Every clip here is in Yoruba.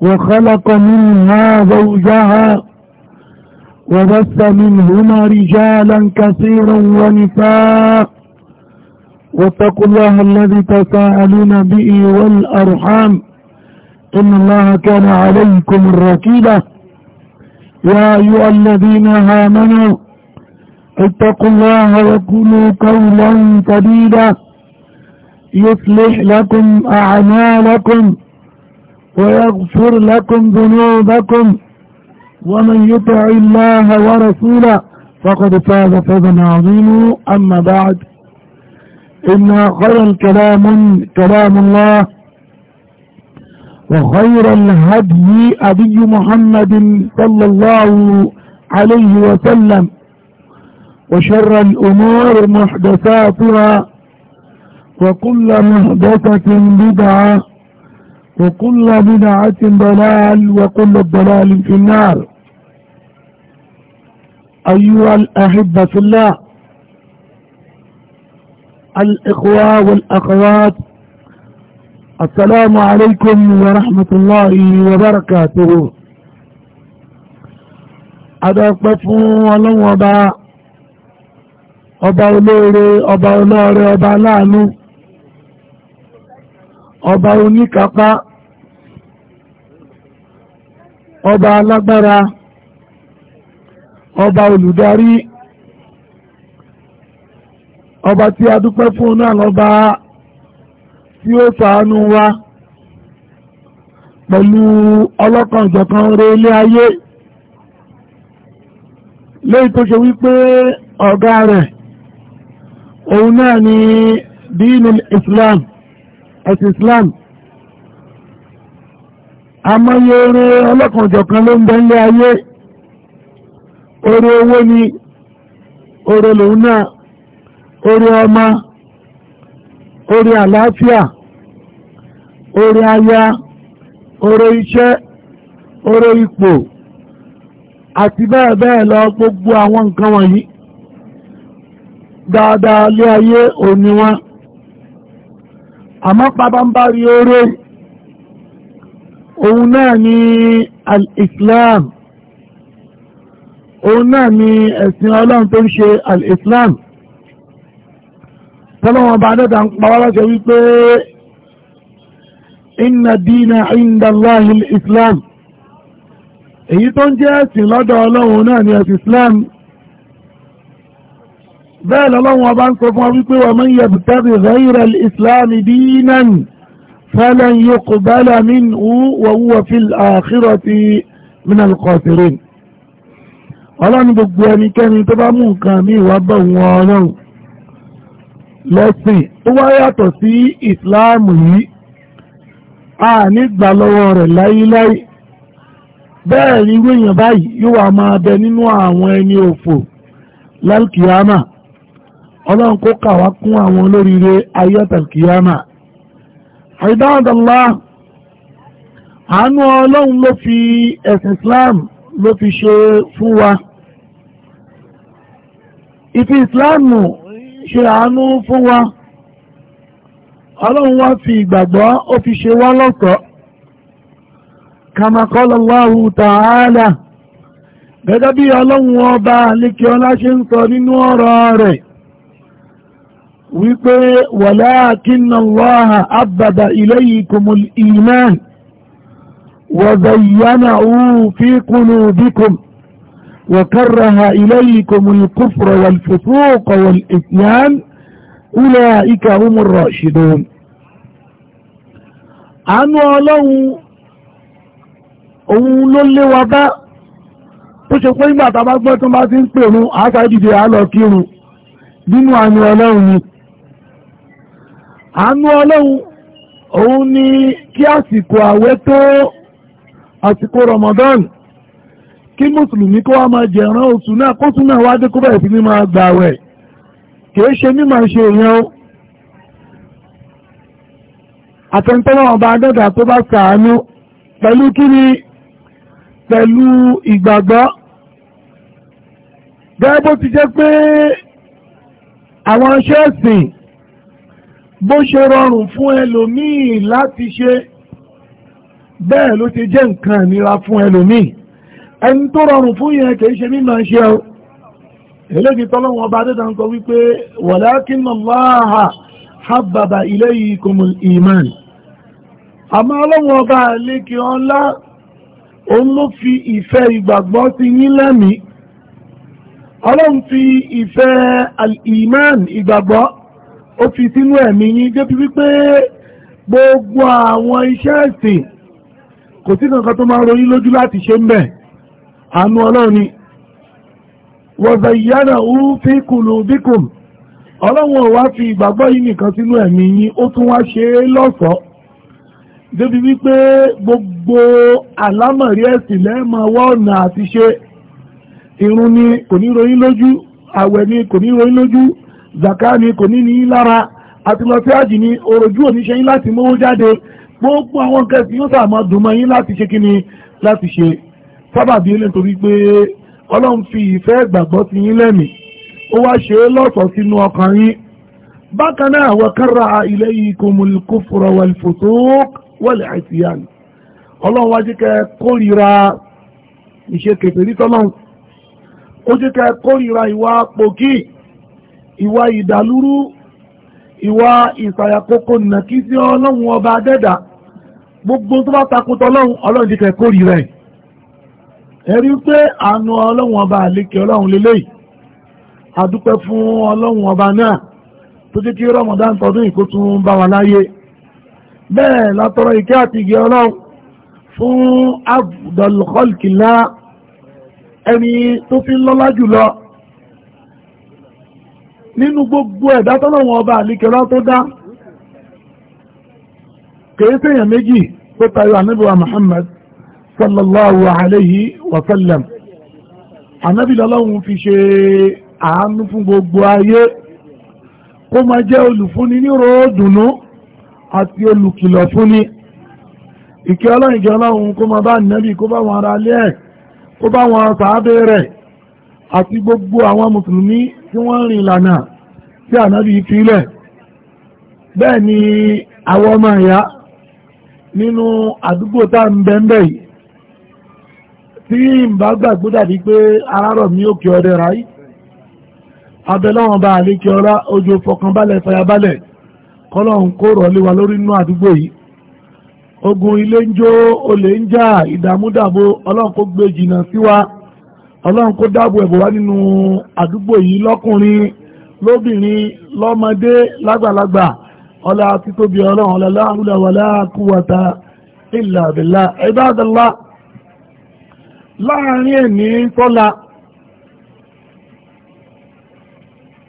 وخلق منها زوجها وبث منهما رجالا كثيرا ونساء واتقوا الله الذي تساءلون به والأرحام إن الله كان عليكم الركيبة يا أيها الذين آمنوا اتقوا الله وكونوا قولا سديدا يصلح لكم أعمالكم ويغفر لكم ذنوبكم ومن يطع الله ورسوله فقد فاز فوزا عظيما أما بعد إن خير الكلام كلام الله وخير الهدي أبي محمد صلى الله عليه وسلم وشر الأمور محدثاتها وكل محدثة بدعة وكل بدعة ضلال وكل الضلال في النار أيها الأحبة في الله الإخوة والأخوات السلام عليكم ورحمة الله وبركاته أدقفوا ولو أبا أبا أولوري أبا أولوري أبا لعنو ọba oníkápá ọba alágbára ọba olùdarí ọba tí a dúpẹ́ fún náà lọ́ba tí ó ṣàánú wa pẹ̀lú ọlọ́kanjọ̀kan rẹ̀ ilé ayé léyìí tó ṣe wípé ọ̀gá rẹ̀ òun náà ni dínú Islam ẹ̀sìn Islam àmọ́yé oore kan ló ń bẹ nílé ayé oore owó ni oore lòun náà oore ọmọ oore àlàáfíà aya oore iṣẹ́ oore ipò àti bẹ́ẹ̀ bẹ́ẹ̀ lọ gbogbo àwọn nǹkan wọ̀nyí dáadáa lé ayé òní wọn àmọ́ pàbámbárí oore òun náà ni al-islam òun náà ni ẹ̀sìn ọlọ́run tó ń ṣe al-islam tọ́lọ́wọ́n bá dẹ́ta ń pa wáláṣẹ wípé inna dina inda Allahi al-islam èyí tó ń jẹ́ ẹ̀sìn lọ́dọ̀ ọlọ́run náà ni ẹ̀sìn islam bẹ́ẹ̀ lọ́lọ́run ọba ń sọ fún wípé wa man yabtaghi ghayra al-islam dinan falan yuqbala minhu wa huwa fil akhirati minal khasirin ọlọ́run gbogbo ẹnikẹ́ni tó bá mú nǹkan mi wá bọ̀ wọn ọlọ́run lẹ́sìn tó bẹ́ẹ̀ ni irú báyìí yóò máa bẹ nínú àwọn ẹni òfò lálùkìyàmà ọlọ́run kó kà wá kún àwọn olóríire ayọ́tàkìyàmà àìdáwọ̀dọ̀lá àánú ọlọ́run ló fi ẹ̀sìn Islam ló fi ṣe fún wa ìfi Islam ṣe àánú fún wa ọlọ́run wá fi ìgbàgbọ́ ó fi ṣe wá lọ́ṣọ̀ọ́ kàmàkọ́lọ́láhù tààlà gẹ́gẹ́ bí ọlọ́run ọba lékè ọlá ṣe ń sọ nínú ọ̀rọ̀ rẹ̀ wípé walakinna Allaha abbada ilaykumul iman wa zayyanahu fi qulubikum wa karraha ilaykumul kufra wal fusuqa wal isyan ulaika humur rashidun àánú ọlọ́run òun ló léwa bá tó ṣe pé ìgbà tó bá ti ń pèrún àásáìdìdì àálọ̀ nínú àánú ọlọ́run ni àánú ọlọ́run òun ni kí àsìkò àwẹ̀ tó àsìkò Ramadan kí mùsùlùmí kó wa máa jẹ̀ràn oṣù náà kó tún náà wáá kó sí ní máa gbà wẹ̀ kìí ṣe ní máa ṣe èèyàn o ọba adọ́dà tó bá pẹ̀lú pẹ̀lú ìgbàgbọ́ gẹ́gẹ́ bó ti jẹ́ pé àwọn bó ṣe rọrùn fún ẹlòmíì láti ṣe bẹ́ẹ̀ ló ti jẹ́ nǹkan ìnira fún ẹlòmíì ẹni tó rọrùn fún yẹn kìí ṣe mímọ̀ ṣe ọ eléyìí tọ́lọ́wọ́n ọba adéta ń kọ wípé walakinna Allaha habbaba ilaykumul iman àmọ́ ọlọ́wọ́n ọba àlékè ọlá òun ló fi ìfẹ́ ìgbàgbọ́ sí yín lẹ́mìí ọlọ́run fi ìfẹ́ al ìgbàgbọ́ ó fi sínú ẹ̀mí yín débi wípé gbogbo àwọn iṣẹ́ ẹ̀sìn kò sí kankan tó máa ròyìn lójú láti ṣe ń bẹ̀ àánú ọlọ́run ni wọ̀zà ìyára ó fi kùlù bíkùn ọlọ́run ò wá fi ìgbàgbọ́ yìí nìkan sínú ẹ̀mí yín ó tún wá ṣe é lọ́ṣọ̀ọ́ débi wípé gbogbo àlámọ̀rí ẹ̀sìn lẹ́ẹ̀mọ ọwọ́ ọ̀nà àti ṣe irun ni kò ní ròyìn lójú àwẹ̀ ni kò ní ròyìn lójú zaka ni kò ní ní lára àti lọ sí àjì ni òròjú oníṣẹ́ yín láti mówó jáde gbogbo àwọn nǹkan tí yóò sàmọ́ dùnmọ́ yín láti ṣe kí ni láti ṣe sábàbí ilé nítorí pé ọlọ́run fi ìfẹ́ ìgbàgbọ́ ti yín lẹ́mìí ó wá ṣe é lọ́sọ̀ọ́ sínú ọkàn yín bákan náà wa karraha ilaykumul kufra wal fusuq wal isyan ọlọ́run wá jẹ́ kẹ́ kórìíra ìṣe kèfèrí tọ́lọ́run ó jẹ́ kẹ́ kórìíra ìwà pòkì ìwà ìdàlúrú ìwà ìsàyàkókò nàkí sí ọlọ́run ọba adẹ́dà gbogbo tó bá takùtọ̀ ọlọ́run ọlọ́run ti kẹ̀kọ́ rí rẹ̀ ẹ̀rí pé àánú ọlọ́run ọba àlékè ọlọ́run lélẹ́yìí adúpẹ́ fún ọlọ́run ọba náà tó jẹ́ kí rọmọdán tọdún ìkó tún bá wa láyé bẹ́ẹ̀ látọrọ ìkẹ́ àti ìgẹ́ ọlọ́run fún abdulkhalkila ẹni tó fi lọ́lá jùlọ nínú gbogbo ẹ̀dá tọ́lọ́wọ́n ọba àlìkẹ́lá tó dá kèé sèyàn méjì tó tayọ ànábìwá Muhammad sallallahu alayhi wa sallam ànábì lọ́lọ́run fi ṣe àánú fún gbogbo ayé kó máa jẹ́ olùfúnni ní ròódùnú àti olùkìlọ̀ fúnni ìkẹ́ ọlọ́run ìjọ ọlọ́run kó máa bá ànábì kó bá wọn ara lé ẹ̀ kó bá wọn sàábé rẹ̀ àti gbogbo àwọn mùsùlùmí tí wọ́n rìn ìlànà tí ànábì fílẹ̀ bẹ́ẹ̀ ni àwọn ọmọ ìyá nínú àdúgbò tá ń bẹ ń bẹ yìí tí ìbá gbàgbó dàbí pé arárọ̀ mi òkè ọdẹ ráyí abẹ́láwọn bá àlékè ọlá ojú fọkànbalẹ̀ fàyàbalẹ̀ kọ́lọ̀hún kó rọ̀lé wa lórí inú àdúgbò yìí ogun ilé ń jó olè ń jà ìdààmúdàbò ọlọ́run kó gbé ọlọ́run kó dáàbò ẹ̀bọ̀ wá nínú àdúgbò yìí lọ́kùnrin lóbìnrin lọ́mọdé lágbàlagbà ọlá títóbi ọlọ́run ọlá láàrúlà wà láàkúwàtà ìlà àbẹ̀là ẹ̀dádàlá láàrin ẹ̀ní tọ́la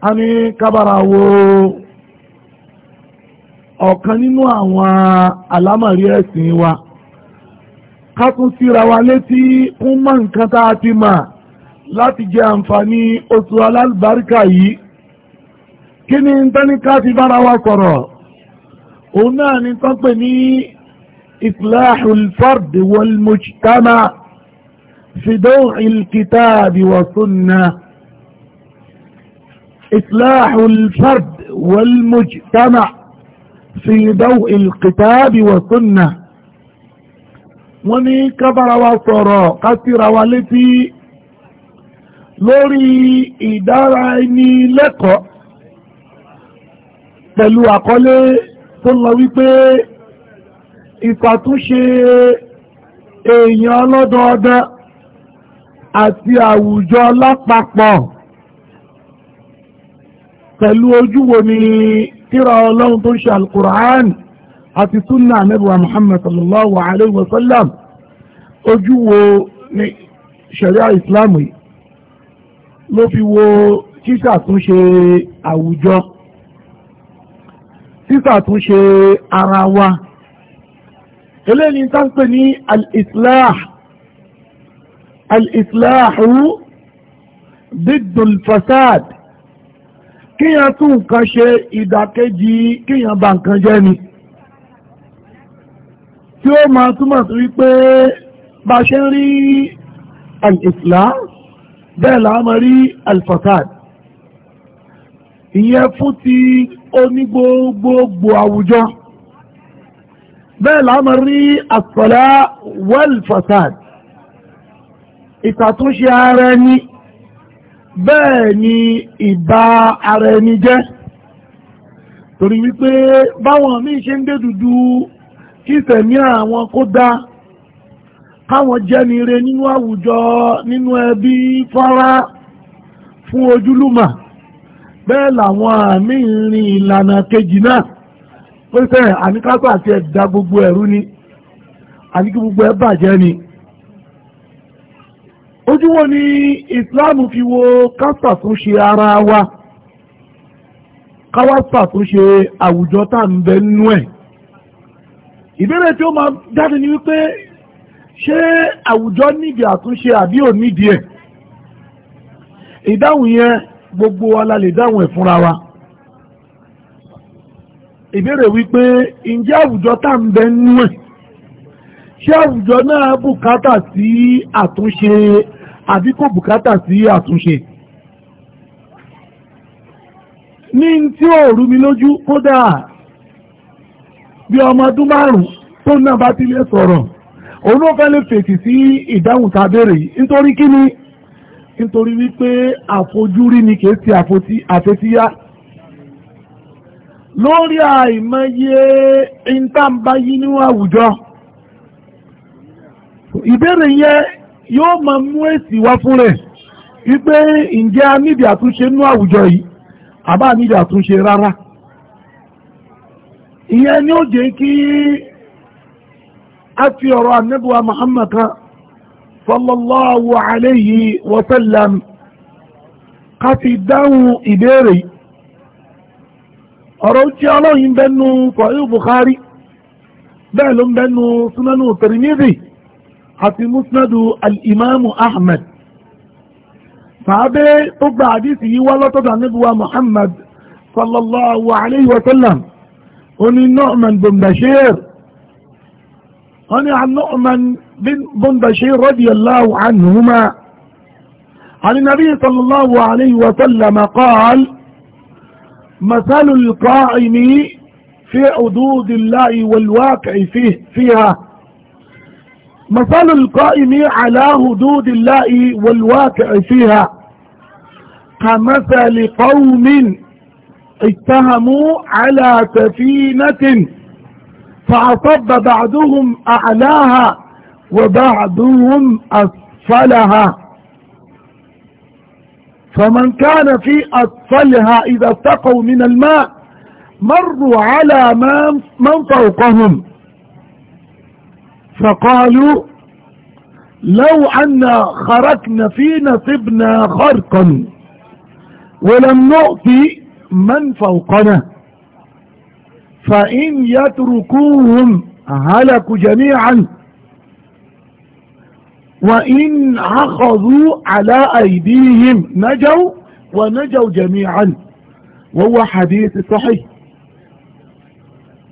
a ní kábàrà wo ọ̀kan nínú àwọn àlámọ̀rí ẹ̀sìn wa ká tún síra wa létí kún mọ́ nǹkan tá a ti máa láti jẹ àǹfààní oṣù alálùbáríkà yìí kí ni tẹ́níká ti bára wa kọ̀rọ̀ òun náà ni tán pè ní islahul fard wal mujtama fidowil kitabi wa sunna islahul fard wal mujtama fidowil kitabi wa sunna wọ́n ní kábára wa sọ̀rọ̀ kásíra wa létí lórí ìdára ẹni lẹ́kọ̀ọ́ pẹ̀lú àkọlé tó lọ wípé ìfàtúnṣe èèyàn ọlọ́dọọdẹ àti àwùjọ lápapọ̀ pẹ̀lú ojúwo ni tírà ọlọ́run tó ń ṣe alkùrán àti súnà nẹ́bùwà muhammad sallallahu alaihi wasallam ojúwo ni sharia islamu yìí ló fi wo ṣíṣàtúnṣe àwùjọ ṣíṣàtúnṣe ara wa eléyìí tá ń pè ní al islahu ضد الفساد kíyàn tún nǹkan ṣe ìdàkejì kíyàn bà nǹkan jẹ́ ni tí ó máa túmọ̀ sí wípé bá ṣe ń rí al-islah bẹ́ẹ̀ la máa rí alfasad ìyẹn fún ti onígbogbogbò àwùjọ bẹ́ẹ̀ la máa rí asọ̀lá wẹ́lfasad ìtàtúnṣe ara ẹni bẹ́ẹ̀ ni ìbá ara ẹni jẹ́ torí wípé báwọn míì ṣe ń dé dúdú kí ìsẹ̀mí àwọn kó dáa káwọn jẹ́nire nínú àwùjọ nínú ẹbí fọ́nrá fún ojúlùmà bẹ́ẹ̀ làwọn àmì ìrìn ìlànà kejì náà ó fẹ́ àníkátó àti ẹ̀dá gbogbo ẹ̀rú ni àti gbogbo ẹ bàjẹ́ ni Ojúwo wo ni Islam fi wo ká ṣàtúnṣe ara wa ká wá ṣàtúnṣe àwùjọ tá à ń bẹ nínú ẹ̀ ìbéèrè tí ó máa jáde ni wípé ṣé àwùjọ nídi àtúnṣe àbí ò nídi ẹ̀ ìdáhùn yẹn gbogbo wa la lè dáhùn ẹ̀ fúnra wa ìbéèrè wípé ǹjẹ́ àwùjọ tá ń bẹ nú ẹ̀ ṣé àwùjọ náà bùkátà sí àtúnṣe àbí kò bùkátà sí àtúnṣe ní tí ó rú mi lójú kódà bí ọmọ ọdún márùn tó náà bá ti lè sọ̀rọ̀ òun ló fẹ́ lè fèsì sí ìdáhùn tá a béèrè yìí nítorí kí ni nítorí wípé àfojúrí ni kìí ṣe àfetíyá lórí àìmọye ìntàǹbáyí ní àwùjọ ìbéèrè yẹn yóò máa mú èsì wá fún rẹ̀ wípé ǹjẹ́ a àtúnṣe nú àwùjọ yìí àbá nídìí àtúnṣe rárá ìyẹn ni ó jẹ́ kí àti ọ̀rọ̀ anábùwà Muhammad kan sallallahu alayhi wa sallam ká fi dáhùn ìbéèrè yìí ọ̀rọ̀ tí ọlọ́yìn bẹnu fọ̀yí Bukhari bẹ́ẹ̀ ló ń bẹnu sunanu Tirmidhi àti musnadu al'imamu Ahmad sàábé tó gba àdísì yíwá lọ́tọ́dọ̀ anábíwá Muhammad sallallahu alaihi wasallam oní norman bin وعن عن نؤمن بن بشير رضي الله عنهما عن النبي صلى الله عليه وسلم قال مثل القائم في حدود الله والواقع فيه فيها مثل القائم على حدود الله والواقع فيها كمثل قوم اتهموا على سفينة فأصب بعضهم أعلاها وبعضهم أسفلها فمن كان في أسفلها إذا اتقوا من الماء مروا على من فوقهم فقالوا لو أن خرجنا في نصبنا خرقا ولم نؤتي من فوقنا فإن يتركوهم هلكوا جميعا وإن أخذوا على أيديهم نجوا ونجوا جميعا وهو حديث صحيح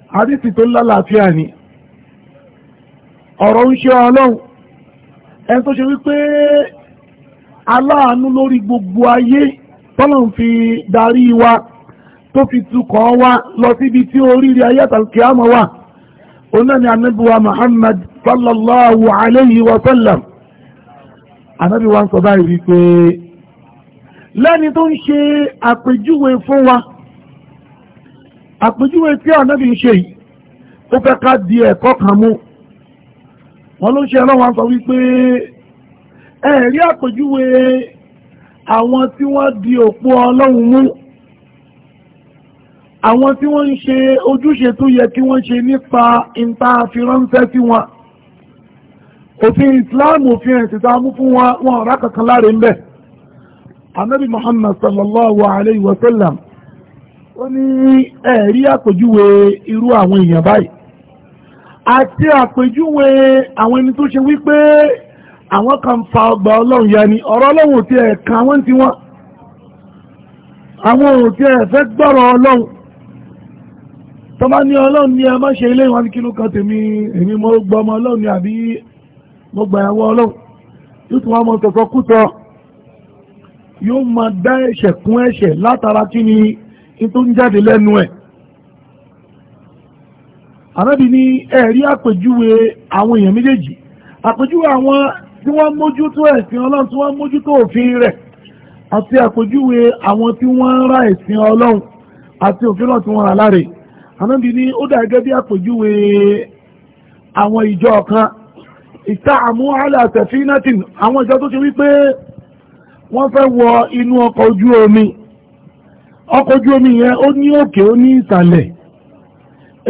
حديث تلا لافياني ọ̀rọ̀ ń ṣe ọlọ́run ẹni tó ṣe wípé aláàánú lórí gbogbo ayé tọ́lọ̀ ń fi darí wa tó fi tukọ̀ wá lọ síbi tí oríire ayátal kìámọ̀ wà onáni anábíwa muhammad sallallahu alayhi wa sallam anábí wa ń sọ báyìí wípé lẹ́ni tó ń ṣe àpèjúwe fún wa àpèjúwe tí anábí ń ṣe yìí ó fẹ́ ká di ẹ̀kọ́ kan mú wọ́n ló ṣe ọlọ́wọ́n sọ wípé ẹ̀rí àpèjúwe àwọn tí wọ́n di òpó ọlọ́run mú àwọn tí wọ́n ń ṣe ojúṣe tó yẹ kí wọ́n ṣe nípa ìta àfiránṣẹ́ sí wọn òfin islam òfin ẹ̀sìn tá a mú fún wọn wọn ọ̀rá kankan láre ń bẹ̀ anabi muhammad sallallahu alayhi wa sallam ó ní ẹ̀rí àpèjúwe irú àwọn èèyàn báyìí àti àpèjúwe àwọn ẹni tó ṣe wípé àwọn kan fa ọgbà ọlọ́run ya ni ọ̀rọ̀ ọlọ́run ò tiẹ̀ kan wọ́n ti wọ́n àwọn ò tiẹ̀ fẹ́ gbọ́rọ̀ ọlọ́run tó bá ní ọlọ́run ní ẹ má ṣe ilé ìwọ̀n kínú kan tèmi èmi mo gbọ́ ọmọ ọlọ́run ni àbí mo gbà ẹ̀wọ́ ọlọ́run yóò tún wọn mọ tọ̀tọ̀ kútọ yóò máa dá ẹ̀ṣẹ̀ kún ẹ̀ṣẹ̀ látara kí ni n tó ń jáde lẹ́nu ẹ̀ àrẹ́bí ní ẹ̀rí àpèjúwe àwọn èèyàn méjèèjì àpèjúwe àwọn tí wọ́n mójútó ẹ̀sìn ọlọ́run tí wọ́n mójútó òfin rẹ̀ àti àpèjúwe àwọn tí wọ́n ń ra ẹ̀sìn ọlọ́run àti òfin náà tí wọ́n rà láre anábì ní ó dà gẹ́gẹ́ bí àpèjúwe àwọn ìjọ kan ìta àmú aláàtẹ̀fínátìn àwọn ìjọ tó ṣe wípé wọ́n fẹ́ wọ inú ọkọ̀ ojú omi ọkọ̀ ojú omi yẹn ó ní òkè ó ní ìsàlẹ̀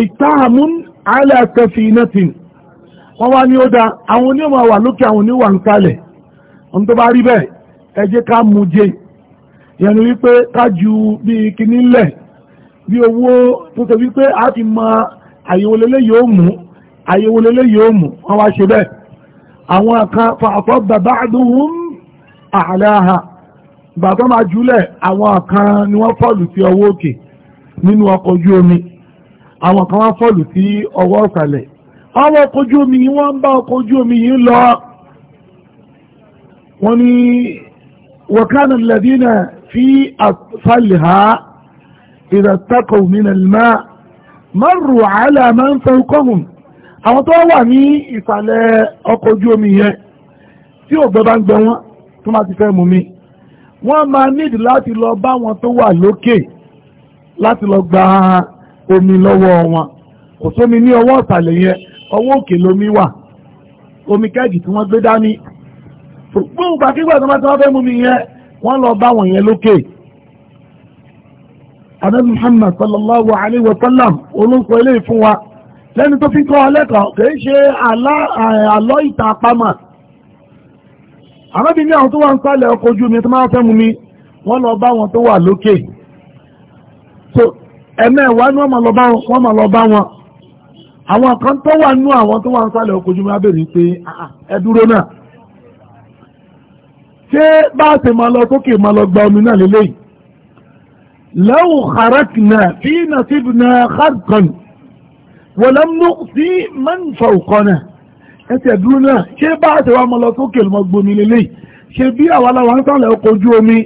ìtààmún aláàtẹ̀fínátìn wọ́n wá ní ó dá àwọn onímọ̀ wà lókè àwọn oníwà ń kalẹ̀ ohun tó bá rí bẹ́ẹ̀ ẹ jẹ́ ká mú jẹ yẹnu wípé ká ju bí kíní lẹ̀ bí owó tó ṣe wípé a ti mọ àyèwòlélé yóò mú àyèwòlélé yóò mú wọ́n wá ṣe bẹ́ẹ̀ àwọn kan fàfọ́ bàbá àdúhùn àláha bàbá máa júlẹ̀ àwọn kan ni wọ́n fọ́ọ̀lù sí ọwọ́ òkè nínú ọkọ̀ ojú omi àwọn kan wọ́n fọ́ọ̀lù sí ọwọ́ ọ̀sàlẹ̀ àwọn ọkọ̀ ojú omi yìí wọ́n ń bá ọkọ̀ ojú omi yìí lọ wọ́n ní wọ̀kánà lẹ́dínà fi àfàlẹ̀ ha إذا اتقوا من الماء مروا على من فوقهم أو tó wà ní ìsàlẹ̀ ọkọ̀ ojú omi yẹn tí ò gbẹ́bá ń gbẹ wọ́n tó máa ti fẹ́ mú mi wọ́n máa nídìí láti lọ bá wọn tó wà lókè omi lọ́wọ́ wọn kò sómi ní ọwọ́ ìsàlẹ̀ yẹn ọwọ́ òkè lomi wà omi kẹ́ẹ̀gì tí wọ́n gbé dání fún ìgbàkigbà tó wọ́n fẹ́ mú mi yẹn wọ́n lọ bá wọn lókè anábì muhammad sallallahu alayhi wa sallam olóńkọ ilé fún wa lẹ́ni tó fi kọ́ ọlẹ́kọ̀ọ́ kìí ṣe àlọ́ ìta àpamà anábì ní àwọn tó wà ń sálẹ̀ ọkọ̀ ojú mi tó máa fẹ́ mu mi wọ́n lọ bá wọn tó wà lókè so ẹ̀mẹ́wàá ni wọ́n máa lọ bá wọn àwọn kan tó wà nú àwọn tó wà ń sálẹ̀ ọkọ̀ ojú mi abèrè pé ẹ dúró náà ṣé bá a ṣe máa lọ sókè máa lọ gba omi náà lélẹ́yìí لو خرجنا في نصيبنا خرقا ولم نؤذي من فوقنا ẹ̀tẹ̀dúró náà ṣé bá àtẹ̀wà mọ́ lọ sókè lọ gbomi lélẹ̀ ṣe bí àwọn aláwọ̀ ńsàlẹ̀ ọkọ̀ ojú omi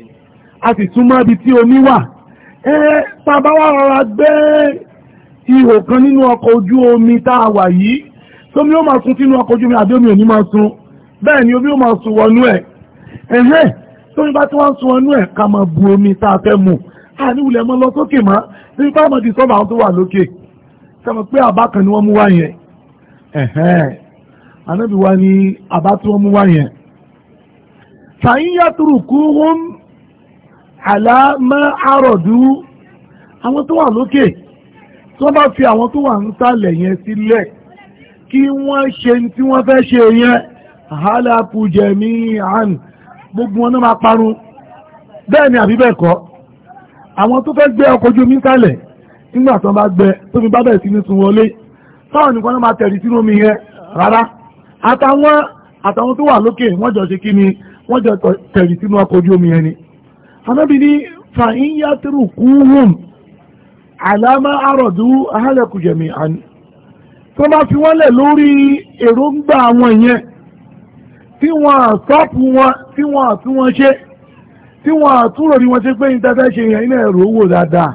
a sì túnmọ́ ibi tí omi wà ẹ bàbá wa rọra gbé ihò kan nínú ọkọ̀ ojú omi tá a wà yìí tómi ó máa sun sínú ọkọ̀ ojú omi àbí omi ò ní máa sun bẹ́ẹ̀ ni omi ó máa sun wọnú ẹ̀ ẹ̀hẹ́ tómi bá tí wọ́n sun wọnú ẹ̀ ká máa bu omi tá a fẹ́ mu àní wulẹ̀ mọ́ lọ sókè mọ́ ní táwọn ti sọ́ọ̀bù àwọn tó wà lókè sẹ́wọ̀n pé àbá kan ni wọ́n mú wá yẹn anábì wa ni àbá tí wọ́n mú wá yẹn. sàyíyàtúrù kú hún àlámọ́ àròdú àwọn tó wà lókè tí wọ́n bá fi àwọn tó wà ń sàlẹ̀ yẹn sílẹ̀ kí wọ́n ṣe tí wọ́n fẹ́ ṣe yẹn àhálà kùjẹ̀mí àn gbogbo wọn náà máa parun bẹ́ẹ̀ ni àbí bẹ́ẹ̀ kọ́ àwọn tó fẹ́ gbé ọkọ̀ ojú omi sálẹ̀ nígbà tó bá gbẹ tó fi bá bẹ̀rẹ̀ sí ní sun wọlé táwọn nìkan náà máa tẹ̀rí sínú omi yẹn rárá àtàwọn àtàwọn tó wà lókè wọ́n jọ ṣe kí ni wọ́n jọ tẹ̀rí sínú ọkọ̀ ojú omi yẹn ni. anábì ní fàyín yàtúrù àlámà àròdú ahálẹ̀kùjẹ̀mí àní. tó bá fi wọ́n lẹ̀ lórí èròǹgbà àwọn yẹn tí wọ́n àtọ́pù wọn tí wọ́n àtúnwọ́n ṣe tí wọ́n àtúrò ní wọ́n ṣe pé ìtẹ́fẹ́ ṣe yẹn ilẹ̀ ẹ̀rọ owó dáadáa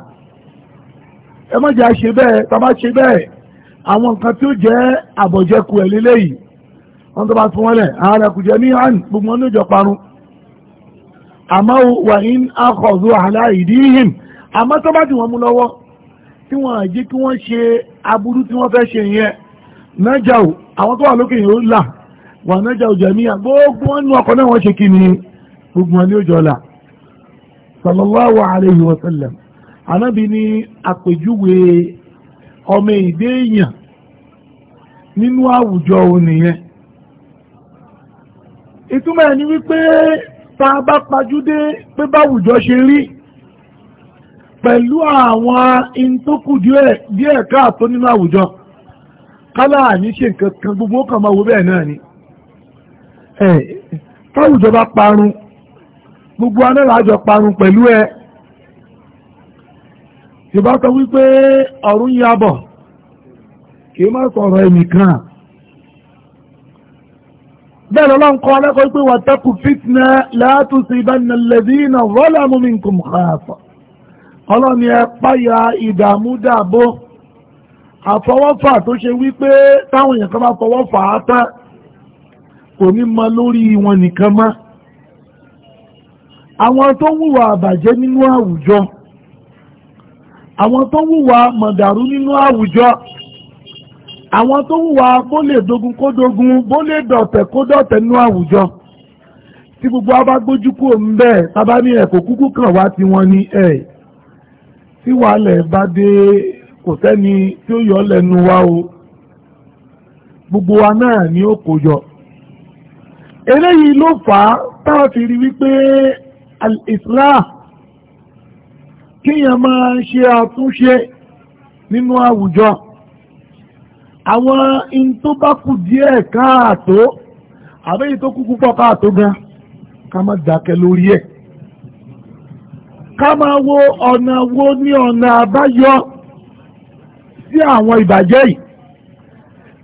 ẹ má jẹ́ ṣe bẹ́ẹ̀ tá bá ṣe bẹ́ẹ̀ àwọn nǹkan tí ó jẹ́ àbọ̀jẹ́kù ẹ̀ lélẹ́yìí wọ́n tó bá fún wọn lẹ̀ ààrẹ kùjẹ́ ní hàn gbogbo wọn níjọ parun àmọ́ wà ní akọ̀zó àlá ìdíhìn àmọ́ tó bá ti wọ́n mú lọ́wọ́ tí wọ́n àjí kí wọ́n ṣe aburú tí wọ́n fẹ́ ṣe yẹn nájà ò àwọn tó wà lókè yìí ó là wà nájà ò jẹ̀míyà gbogbo wọn nú ọkọ̀ náà wọ́n ṣe kí ni gbogbo wọn ní ó là sallallahu alayhi wa sallam anábì ní àpèjúwe ọmọ èdè èèyàn nínú àwùjọ ònìyẹn ìtumọ̀ ẹni wípé tá a bá pajúdé pé báwùjọ ṣe rí pẹ̀lú àwọn intókù díẹ̀ káàtó nínú àwùjọ kálá àní ṣe nǹkan kan gbogbo kan máa wo bẹ́ẹ̀ náà ni táwùjọ bá parun gbogbo aná làájọ parun pẹ̀lú ẹ ìbá sọ wípé ọ̀run yabọ̀ kì í má sọ̀rọ̀ ẹnìkan bẹ́ẹ̀ lọ́lọ́ ń kọ́ alẹ́kọ̀ọ́ wípé wattaqu fitna la tusibanna alladhina zalamu minkum khassa ọlọ́ni ẹ páyà ìdààmú dààbò àfọwọ́fà tó ṣe wípé táwọn èèyàn kan bá fọwọ́fà á tán kò ní mọ lórí wọn nìkan máa àwọn tó wùwà àbàjẹ́ nínú àwùjọ àwọn tó wùwà mọ̀dàrú nínú àwùjọ àwọn tó wùwà bó lè dogun kó dogun bó lè dọ̀tẹ̀ kó dọ̀tẹ̀ nínú àwùjọ tí gbogbo abá gbójú kú òun bẹ́ẹ̀ tábá ní ẹ̀kọ́ kúkú kàn wá tí wọ́n ní ẹ̀ tí wàhálẹ̀ bá dé kò sẹ́ni tí ó yọ lẹ́nu wa o gbogbo wa náà ni ó kó yọ eléyìí ló fà á táà fi rí wípé al-islah kíyàn máa ṣe àtúnṣe nínú àwùjọ àwọn in tó bá kù díẹ̀ káàtó àbẹ́yìn tó kú púpọ̀ káàtó gan ká má dákẹ́ lórí ẹ̀ ká máa wo ọ̀nà wo ní ọ̀nà àbáyọ sí àwọn ìbàjẹ́ yìí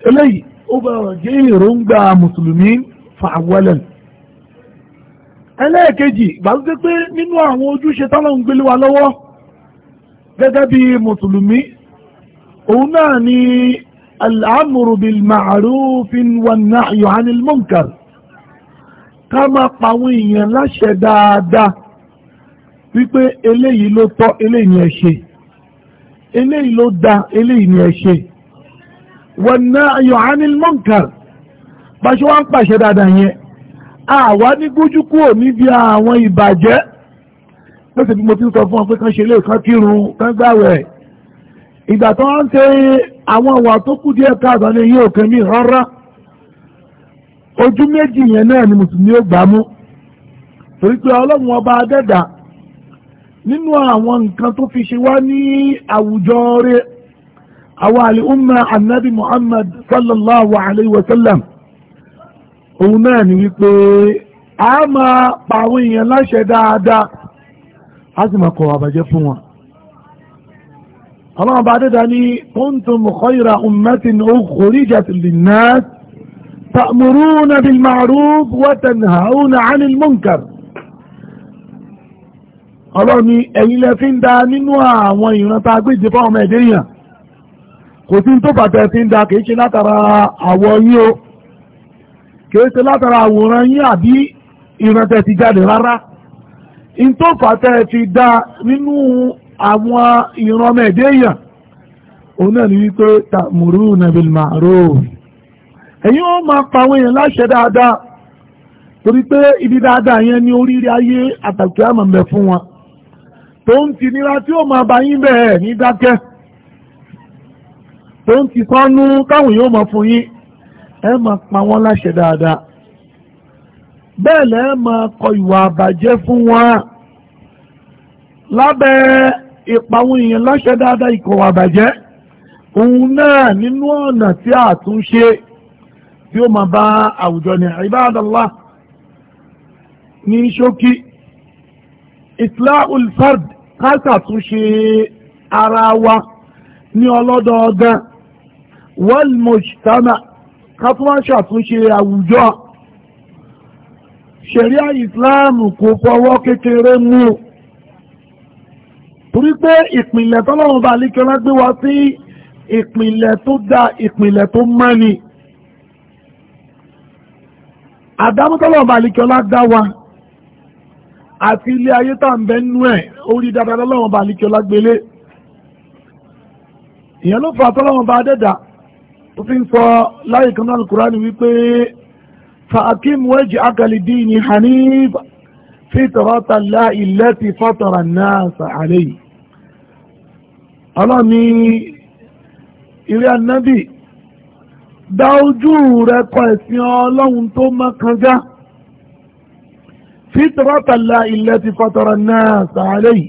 eléyìí ó bẹ̀rẹ̀ jẹ́ èròǹgbà mùsùlùmí fàwọ́lẹ̀nù ẹlẹ́ẹ̀kejì ìgbàlódé pé nínú àwọn ojúṣe tọ́lọ́run gbélé wa lọ́wọ́ gẹ́gẹ́ bí mùsùlùmí òun náà ni al-amru bil ma'ruf wan-nahyu 'anil munkar ká máa pa àwọn èèyàn láṣẹ dáadáa wípé eléyìí ló tọ́ eléyìí ni ẹ ṣe eléyìí ló da eléyìí ni ẹ ṣe wan-nahyu munkar bá ṣe wá ń pàṣẹ dáadáa yẹn a ní gbójú kúrò níbi àwọn ìbàjẹ́ lọ́sẹ̀ bí mo ti ń sọ fún ọ pé kán ṣe ilé kan kírun kán gbàwẹ̀ ìgbà tó ń ṣe àwọn ìwà tó kù díẹ̀ káàtó ní iye òkè mi rárá ojú méjì yẹn náà ni mùsùlùmí ó gbà mú torí pé ọlọ́run ọba adẹ́dà nínú àwọn nǹkan tó fi ṣe wá ní àwùjọ àwọn àlè annabi muhammad sallallahu alayhi òun náà ni wípé a máa pa àwọn èèyàn láṣẹ dáadáa a sì máa kọ̀ àbàjẹ́ fún wọn ọlọ́run bá dédá ní kuntum khayra ummatin ukhrijat linnas ta'muruna bil ma'ruf wa tanhauna 'anil munkar ọlọ́run ni ẹ̀yin lẹ fi ń da nínú àwọn ìran tá a gbé ìdìbò ọmọ ẹ̀dẹ́yàn kò sí tó bàtẹ̀ fi ń da kìí ṣe látara àwọ̀ yín o kìí ṣe látara àwòrán yín àbí ìrántẹ́ ti jáde rárá in tó fàtẹ́ fi dá nínú àwọn ìran mẹ́ẹ̀dẹ́ èèyàn òun náà ni wípé ta'muruna bil ma'ruf ẹ̀yin ó máa pa àwọn èèyàn láṣẹ dáadáa torí pé ibi dáadáa yẹn ní oríire ayé àtàkì àmọ̀mẹ́ fún wọn tó ń ti nira tí ó máa bá yín bẹ́ẹ̀ ní dákẹ́ tó ń ti sọ́nú káwọn yóò mọ̀ fún yín ẹ máa pa wọ́n láṣẹ dáadáa bẹ́ẹ̀ lẹ́ máa kọ ìwà àbàjẹ́ fún wọn lábẹ́ ìpàwọn èèyàn láṣẹ dáadáa ìkọ̀wà àbàjẹ́ òun náà nínú ọ̀nà tí a tún ṣe tí ó máa bá àwùjọ ní àìbáadàlá ní ṣókí islahul fard káàkà tún ṣe ara wa ní ọlọ́dọọdán wal mujtama' ká tún wá ṣàtúnṣe àwùjọ ṣẹ̀ríà ìsìláàmù kò fọwọ́ kékeré mú torí pé ìpìlẹ̀ tọ́lọ́run bá líkẹ́lá gbé wá sí ìpìlẹ̀ tó dá ìpìlẹ̀ tó mọ́ni àdámútọ́lọ́run bá líkẹ́lá dá wa àti ilé ayé tá ń bẹ nú ẹ̀ orí dáadáa lọ́wọ́n bá líkẹ́lá gbélé ìyẹn ló fà tọ́lọ́run bá dẹ́dàá tó fi ń sọ láyé kan náà kúránì wípé fa'akim wẹ́jì akali dini hanif fitrata Allahi allati fatara an-nasa alayhi ọlọ́ni ìrẹ́ ànábì dá ojú rẹ kọ ẹ̀sìn ọlọ́run tó mọ́ kanga fitrata Allahi allati fatara an-nasa alayhi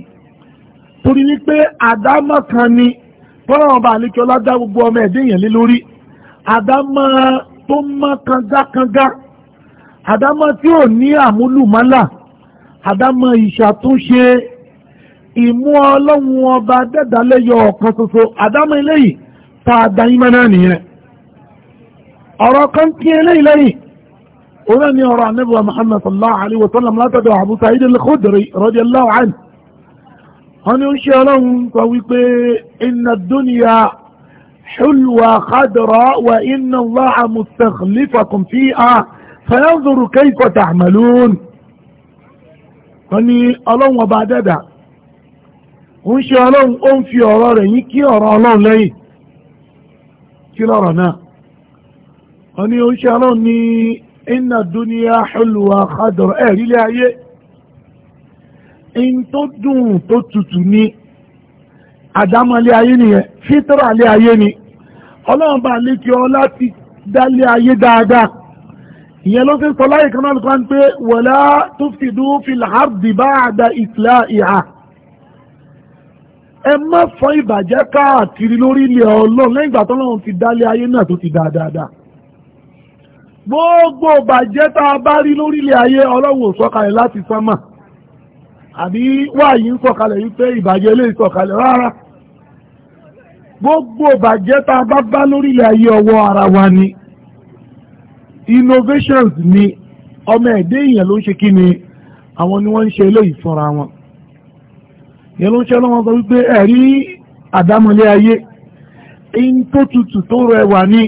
torí wípé àdámọ́ kan ni fọ́nà ọba àlejò ọlá dá gbogbo ọmọ ẹ̀dẹ́ lé lórí àdámọ́ tó mọ́ kangakanga àdámọ́ tí ò ní àmúlùmálà àdámọ́ ìṣàtúnṣe ìmú ọlọ́run ọba dẹ́dálẹ́yọ ọ̀kan ṣoṣo àdámọ́ eléyìí tá a dá yín mẹ́rin nìyẹn ọ̀rọ̀ kan kí eléyìí lẹ́yìn òun náà ni ọ̀rọ̀ anábìwá Muhammad sallallahu alayhi wa sallam látọ̀dọ̀ Abu Sa'id al-Khudri radiyallahu anhu wọn ni ó ń ṣe ọlọ́run sọ wípé inna dunya حلوة خضراء وإن الله مستخلفكم فيها فينظر كيف تعملون فني الله وبعددا ń ṣe ọlọ́run ó ń fi ọ̀rọ̀ rẹ̀ yín kí ọ̀rọ̀ ọlọ́run lẹ́yìn kí lọ́rọ̀ náà wọ́n ní ó ń ṣe ọlọ́run ní iná dúníà hulwa khadra ẹ̀rí ilé ayé in tó dùn tó tutù ní àdámọ́lé ayé nìyẹn fítọ́rọ̀ alé ayé ni ọlọ́run bá lè kí ọ láti dálé ayé dáadáa ìyẹn ló fi ń sọ láyé kan náà lùkọ́ pé wala tufsidu fil ardi ba'da islahiha ẹ má fọ́n ìbàjẹ́ káàkiri lórí ilẹ̀ ọlọ́run lẹ́yìn ìgbà tọ́lọ́run ti dálé ayé náà tó ti dáadáa gbogbo bàjẹ́ tá a bá rí lórí ilẹ̀ ayé ọlọ́run ò sọ̀kalẹ̀ láti sánmà àbí wáyé ń sọ̀kalẹ̀ yìí pé ìbàjẹ́ lè sọ̀kalẹ̀ rárá gbogbo bàjẹ́ tá a bá bá lórílẹ̀ ayé ọwọ́ ara wa ni innovations ni ọmọ ẹ̀dẹ́ èèyàn ló ń ṣe kí ni àwọn ni wọ́n ń ṣe eléyìí fúnra wọn yẹn ló ń ṣe lọ́wọ́ sọ wípé ẹ̀rí àdámọ́lé ayé in tó tutù tó rẹwà ni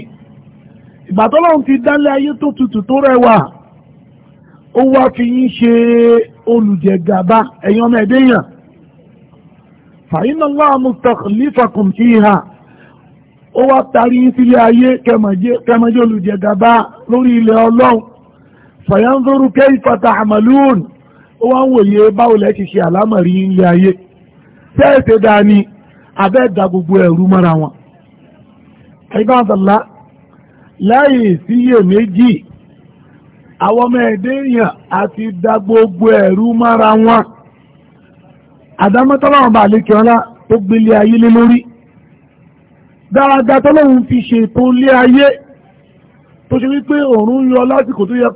ìgbà tó lọ́run ti dálé ayé tó tutù tó rẹwà ó wá fi yín ṣe olùjẹgàba ẹ̀yin ọmọ ẹ̀dẹ́ èèyàn fàyínà Allah mustakhlifakum fiha ó wá tarí sílé ayé kẹmọjẹ olùjẹgàba lórí ilẹ̀ ọlọ́run fàyánzóru kayfa ta'malun ó wá ń wòye báwo lẹ́ ti ṣe àlámọ̀rí ilé ayé tẹ́ẹ̀tẹ́ dání abẹ́ẹ̀dá gbogbo ẹ̀rú mọ́ra wọn. ibadallah láyè síyè méjì àwọn ọmọ ẹ̀dẹ́ àti dá gbogbo ẹ̀rú mọ́ra wọn àdámọ́tọ́láwọn bá lékè ọlá tó gbélé ayé lé lórí dáadáa tọ́lọ́run fi ṣe tó lé ayé tó ṣe wípé òòrùn ń yọ lásìkò tó yẹ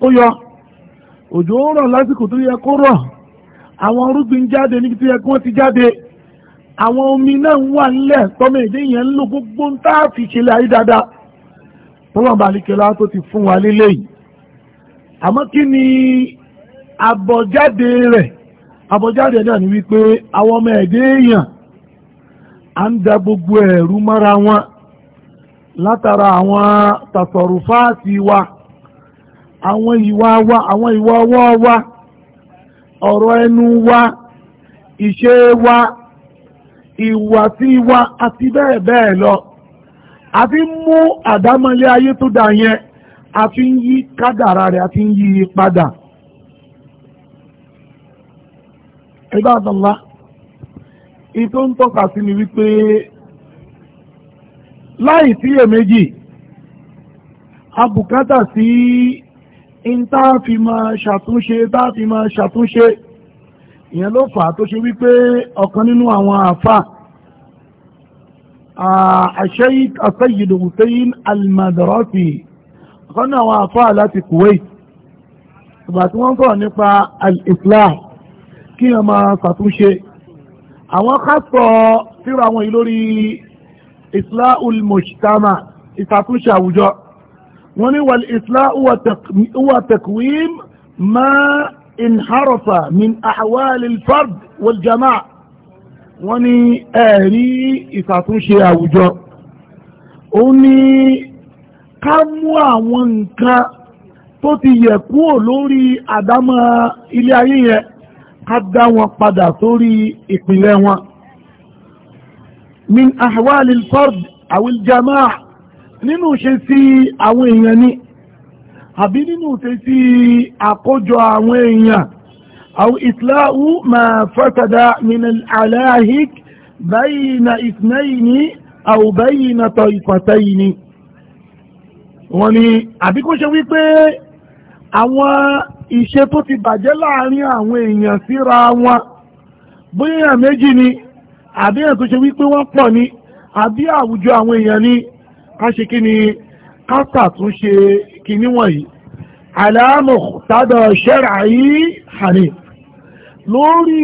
kó yọ òjò ń rọ̀ lásìkò tó yẹ kó rọ̀ àwọn irúgbìn jáde níbi tó yẹ kí wọ́n ti jáde àwọn omi náà ń wà nílẹ̀ tọ́mọ èdè yẹn ń lò gbogbo ń tá a ṣe lé ayé dáadáa tọ́lọ́run bá lékè ọlá tó ti fún wa lélẹ́yìí àmọ́ kí ni àbọ̀jáde rẹ̀ àbọ̀jáde náà ni wípé àwọn ọmọ ẹ̀dẹ́ èèyàn à ń da gbogbo ẹ̀rú mọ́ra wọn látara àwọn tàtọ̀rùfáàtì wa àwọn ìwà wa àwọn ìwà ọwọ́ wa ọ̀rọ̀ ẹnu wa ìṣe wa ìwàsí wa àti bẹ́ẹ̀ bẹ́ẹ̀ lọ àti mú àdámọ́lé ayé tó dà yẹn àti ń yí kádàrá rẹ̀ fi ń yí padà. Ibadallah ìtò ń tọ́ka sí ni wípé láì síyèméjì abùkátà sí ìntàfi máa ṣàtúnṣe tàfi máa ṣàtúnṣe ìyẹn ló fà á tó ṣe wípé ọ̀kan nínú àwọn àfà Sheikh Sayyid Hussein al ọ̀kan nínú àwọn àfà láti Kuwait ìgbà tí wọ́n sọ̀rọ̀ nípa al-Islah kí wọ́n máa ṣàtúnṣe àwọn kásọ̀ síra wọn yìí lórí islahul mujtama ìṣàtúnṣe àwùjọ wọ́n ní wal islah huwa takwim ma inharafa min ahwal al-fard wal jama'a wọ́n ní ẹ̀rí ìṣàtúnṣe àwùjọ ó ní ká mú àwọn nǹkan tó ti yẹ̀ kúrò lórí àdámọ́ ilé ayé yẹn ká dá wọn padà sórí ìpìlẹ̀ wọn min ahwali al-fard aw al-jamaa nínú ṣe sí àwọn èèyàn ni àbí nínú ṣe sí àkójọ àwọn èèyàn أو إطلاء ما فسد من العلاهك بين اثنين أو بين طائفتين wọ́n ni àbíkó wípé àwọn ìṣe tó ti bàjẹ́ láàrin àwọn èèyàn síra wọn bóyá èèyàn méjì ni àbí èèyàn tó ṣe wípé wọ́n pọ̀ ni àbí àwùjọ àwọn èèyàn ni ká ṣe kí ni ká ṣàtúnṣe kíní wọ̀nyí àlàámù tàbí ṣẹ́rà yìí hàní lórí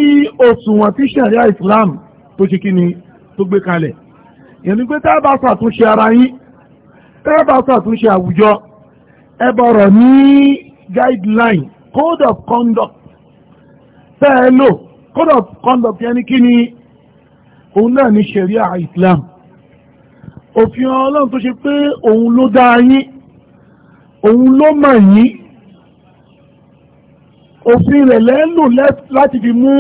òṣùwọ̀n tí ṣẹ̀ríà Islam tó ṣe kí ni tó gbé kalẹ̀ yẹni pé tẹ́ bá ṣàtúnṣe ara yín tẹ́ bá ṣàtúnṣe àwùjọ ẹ bọ̀rọ̀ ní guideline code of conduct tẹ́ code of conduct yẹn ni kí ni òun náà ni sharia islam òfin ọlọ́run tó ṣe pé òun ló dá yín òun ló mọ̀ yín òfin rẹ̀ lẹ́lò láti fi mú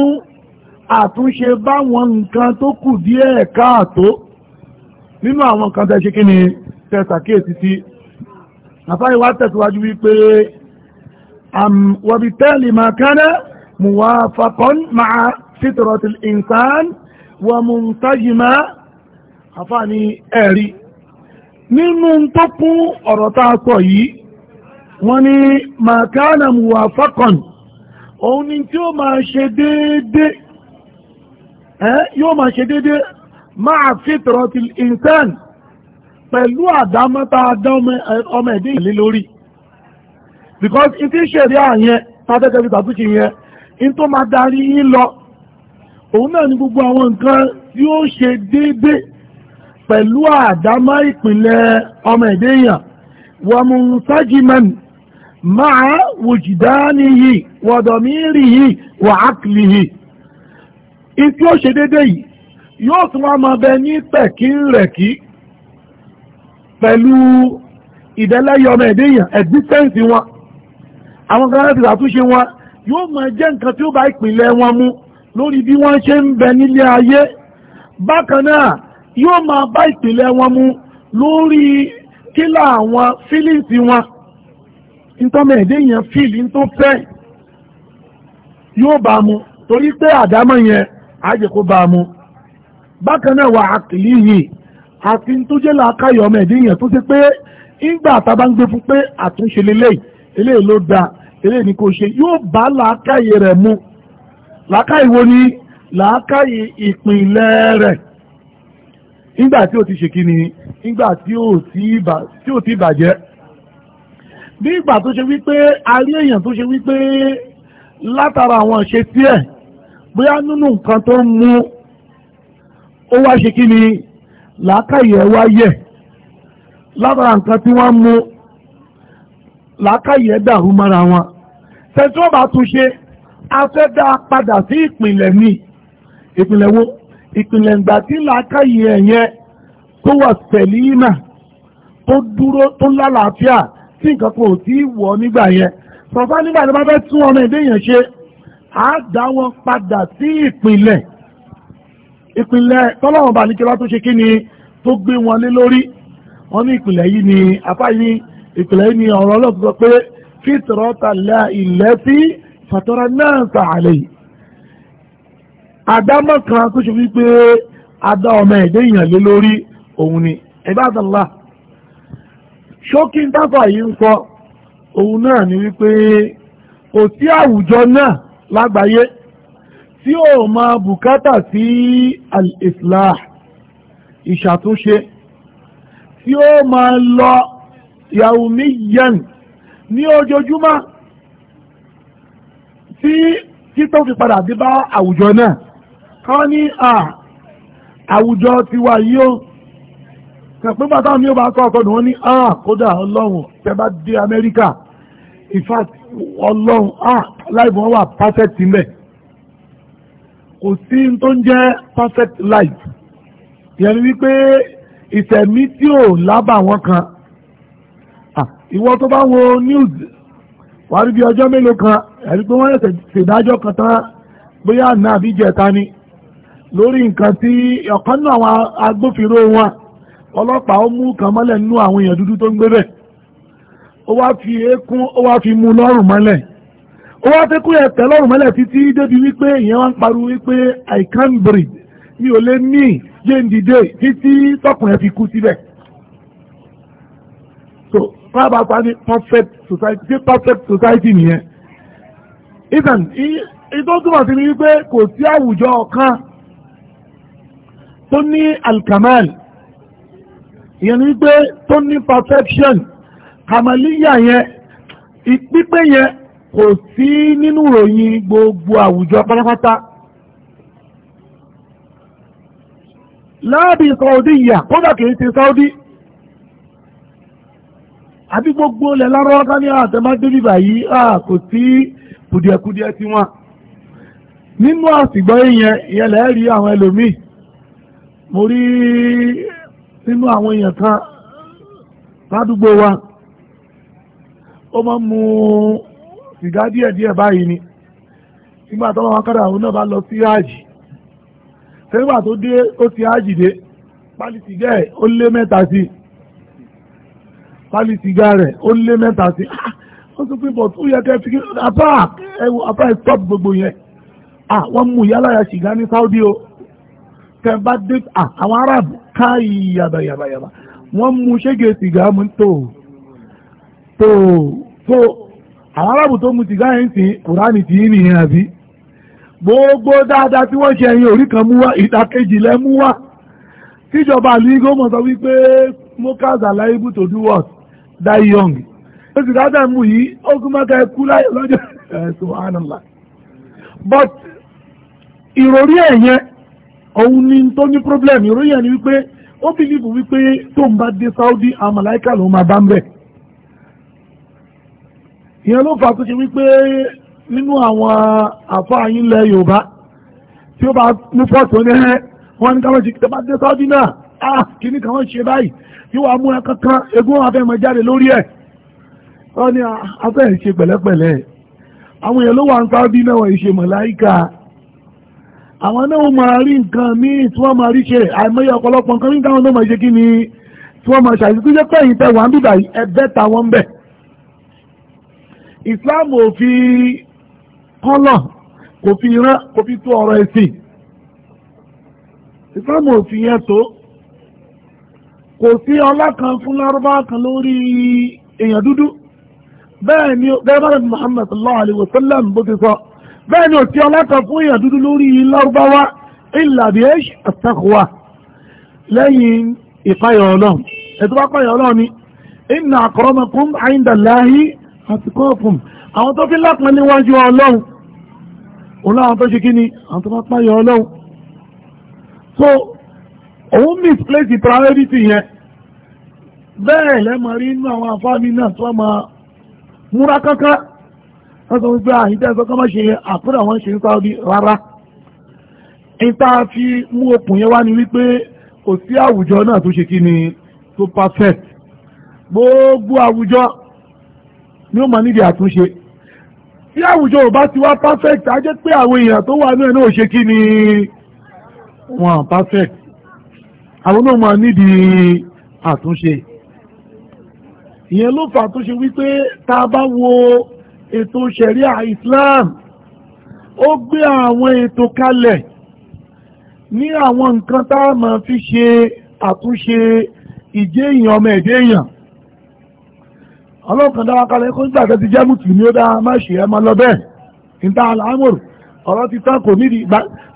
àtúnṣe báwọn nǹkan tó kù díẹ̀ káàtó nínú àwọn nǹkan tẹ́ ṣe kí ni tẹ́ ṣàkíyèsí sí àfáyíwá tẹ̀síwájú wípé وبالتالي ما كان موافقا مع فطرة الإنسان ومنتجما àfáàní ẹ̀rí nínú tó kún ọ̀rọ̀ tá a sọ yìí wọ́n ní makana muwafakon òun ni tí ó máa ṣe déédé ẹ́ yóò máa ṣe déédé máa fitratil insan pẹ̀lú àdámọ́ta ọmọ ẹ̀dẹ́ ìlé lórí because in ti ṣe rí àyẹn tàbẹ́tẹ́ fi tàbí kì yẹn in tó máa darí yín lọ òun náà ni gbogbo àwọn nǹkan tí ó ṣe déédé pẹ̀lú àdámá ọmọ èdè èèyàn wọ́n mú sájìmẹ́n máa yìí wọ̀dọ̀mírì yìí ákìlì yìí in tí ó ṣe déédé yìí yóò tún wá máa bẹ ní pẹ̀kínrẹ̀kí wọn àwọn kan láti ṣàtúnṣe wọn yóò ma jẹ́ nǹkan tí ó bá ìpìlẹ̀ wọn mu lórí bí wọ́n ṣe ń bẹ nílé ayé bákan náà yóò máa bá ìpìlẹ̀ wọn mu lórí kílà àwọn fílíǹsì wọn nítọ́mọ̀ èdè yẹn tó fẹ́ yóò bá mu torí pé yẹn bá mu bákan náà wà àkìlì yìí àti tó jẹ́ làákàyọ̀ ọmọ yẹn tó ṣe pé ńgbà tá a bá ń gbé fún pé àtúnṣe eléyìí eré ní kò ṣe yóò bá làákàyè rẹ̀ mu làákàyè wo ni làákàyè ìpìnlẹ̀ rẹ̀ nígbà tí ó ti ṣe kíni nígbà tí ó ti bàjẹ́ bí ìgbà tó ṣe wípé a rí èèyàn tó ṣe wípé látara àwọn ṣe tí ẹ̀ bóyá nínú nǹkan tó ń mú ó wá ṣe kíni làákàyè wá yẹ̀ látara nǹkan tí wọ́n mú làákàyè dàrú mọ́ra wọn tẹ̀sí wọ́n bá tún ṣe afẹ́dá padà sí ìpìlẹ̀ mi ìpìlẹ̀ wo ìpìlẹ̀ ìgbà tí làákàyè ẹ̀yẹ tó wà sẹ̀líìmà tó dúró tó lálàáfíà tí nǹkan kò tí ì wọ̀ nígbà yẹn sọ̀fà nígbà tí wọ́n fẹ́ tún ọmọ ẹ̀dẹ́ yẹn ṣe á dá wọn padà sí ìpìlẹ̀ ìpìlẹ̀ tọ́lọ́wọ̀n bá ní kí wọ́n tó ṣe kí ni tó gbé wọn lé lórí wọn ní ìpìlẹ̀ yìí ni àfáyín ìpìlẹ̀ ní ọ̀rọ̀ ọlọ́pù sọ pé fitrata Allahi allati fatara an-nasa alayhi àdámọ́ kan tó ṣe wípé adá ọmọ ẹ̀dẹ́ èèyàn lé lórí òun ni ibadallah ṣókí ń tábà yìí ń sọ òun náà ni wípé kò sí àwùjọ náà lágbàáyé tí ó máa bùkátà sí al ìṣàtúnṣe tí ó máa lọ yaumiyan ní ojoojúmọ́ tí títọ́ fi padà dé bá àwùjọ náà kọ́ ní à àwùjọ ti wà yìí ó kẹ̀pẹ́ bàtà ní ó bá kọ́ ọ̀kọ́ ní wọ́n ní à kódà ọlọ́run tẹ́ bá dé amẹ́ríkà in fact ọlọ́run à láìpẹ́ wọ́n wà perfect mẹ́ kò sí tó ń jẹ́ perfect life yẹn ni wípé ìtẹ̀mí tí ò lábàwọ́n kan ìwọ tó bá wo news wàá rí bí ọjọ́ mélòó kan ẹ̀rí pé wọ́n yẹ̀ ṣèdájọ́ kan tán bóyá àná ni lórí nǹkan tí ọ̀kan àwọn agbófinró wọn ọlọ́pàá ó mú kan mọ́lẹ̀ nínú àwọn èèyàn dúdú tó ń gbé bẹ̀ ó wá fi eékún ó wá fi mú lọ́rùn mọ́lẹ̀ ó wá fẹ́ lọ́rùn mọ́lẹ̀ títí débi wípé ìyẹn wá ń wípé i sábà pa ní perfect society ṣé perfect society nìyẹn ethan ìtọ́ túmọ̀ sí ni wípé kò sí àwùjọ kan tó ní alkamal ìyẹn ni wípé tó ní perfection kamaliya yẹn ìpípé yẹn kò sí nínú ìròyìn gbogbo àwùjọ pátápátá láàbì Saudi yà kódà kìí ṣe Saudi àbí gbogbo ilẹ̀ lárọ́ ká ní àtẹ́mádébìbà ah, yìí ah, kò sí kùdìẹ̀kùdìẹ̀ tí wọ́n nínú àsìgbọ́ èèyàn ìyẹn lẹ́ẹ̀rí àwọn ẹlòmíì mo rí nínú àwọn èèyàn kan ládùúgbò wa ó máa ń mu sìgá díẹ̀díẹ̀ báyìí ni nígbà tó wọn kára àwọn náà bá lọ sí áàjì nígbà tó dé ó ti áàjì dé pálí sìgá ẹ̀ ó lé mẹ́ta sí i pálí sìgá rẹ̀ ó lé mẹ́ta sí ah, ó tún pín bọ̀tún yẹ kẹ́ fi apá ẹwọ apá ẹ stop gbogbo yẹn ah, wọ́n mú yálàyà sìgá ní Saudi o tẹ bá dé ah, àwọn Arab káyì yàbàyàbàyàbà wọ́n mú ṣége sìgá mú tó tó tó àwọn Arab tó mú sìgá yẹn sí Kùránì tí yín nìyẹn àbí gbogbo dáadáa tí wọ́n ṣe ẹ̀yìn orí kan mú wá ìdàkejì lẹ́ mú wá tíjọba àlígó mọ̀ sọ wípé mokas are liable to die young ó sì dáadáa mú yìí ogun mọ́ta but ìròrí òun ni tó ní problem ẹ̀ ni wípé ó wípé tó ń bá dé Saudi amalaika ló máa bá ń bẹ̀ ìyẹn ló fà wípé nínú àwọn Yorùbá tí ó bá mú pọ̀ tó ní wọ́n ní káwọn ah kìíní kan wọ́n ṣe báyìí yóò wá múra kankan egun wọn afẹ́ mọ jáde lórí ẹ̀ wọ́n ní afẹ́ ah, ìṣe pẹ̀lẹ́pẹ̀lẹ́ àwọn èèyàn ló wà ń sáábí náà wọ́n ìṣe mọ̀láìkà àwọn náà wọ́n máa rí nǹkan míì tí wọ́n máa rí ṣe àìmọye ọ̀pọ̀lọpọ̀ nǹkan míì táwọn náà máa ṣe kí ni tí wọ́n máa ṣàṣì tó jẹ́ pé ìyìn tẹ̀wà ń bíbà ẹ̀bẹ́ Islam ò fi kọ́lọ̀ kò fi Islam ò fi yẹn tó kò sí ọlá kan fún lárúbá kan lórí èèyàn dúdú bẹ́ẹ̀ ni gẹ́gẹ́ bí Muhammad sallallahu alayhi wa sallam bó ti sọ bẹ́ẹ̀ ni ò sí ọlá kan fún èèyàn dúdú lórí lárúbáwá illa bi ish at lẹ́yìn ìpayọ̀ ọlọ́run ẹ̀tọ́ bá payọ̀ ọlọ́run ni inna akramakum inda Allahi atqakum àwọn tó fi lápọn níwájú ọlọ́run òun láwọn tó ṣe kí ni àwọn tó bá payọ̀ ọlọ́run òun misplace priority yẹn bẹ́ẹ̀ lẹ́mọ̀ rí inú àwọn àfáàmì náà tó máa múra kankan wọ́n sọ wípé àyíká ah, ẹ̀sọ́ kọ́mọ́ ṣe àkúrà wọn ṣe ń sáwọ́dí rárá ìta fi mú okùn yẹn wá ní wípé kò sí àwùjọ náà tó ṣe kí ni tó perfect gbogbo àwùjọ ni ó máa nídìí àtúnṣe tí àwùjọ ò bá ti wá perfect á jẹ́ pé àwọn èèyàn tó wà náà náà ò ṣe kí ni wọn perfect àwọn náà máa nídìí àtúnṣe ìyẹn ló fà tó ṣe wípé tá bá wo ètò ṣẹ̀ríà Islam ó gbé àwọn ètò kalẹ̀ ní àwọn nǹkan tá a máa fi ṣe àtúnṣe ìjẹ́ èèyàn ọmọ ẹ̀dẹ́ èèyàn ọlọ́kan dáwà kalẹ̀ kó nígbà tó ti jẹ́ mùsùlùmí ó dáa má ṣe ẹ máa lọ bẹ́ẹ̀ níta àlámọ̀rù ọ̀rọ̀ ti tán kò nídìí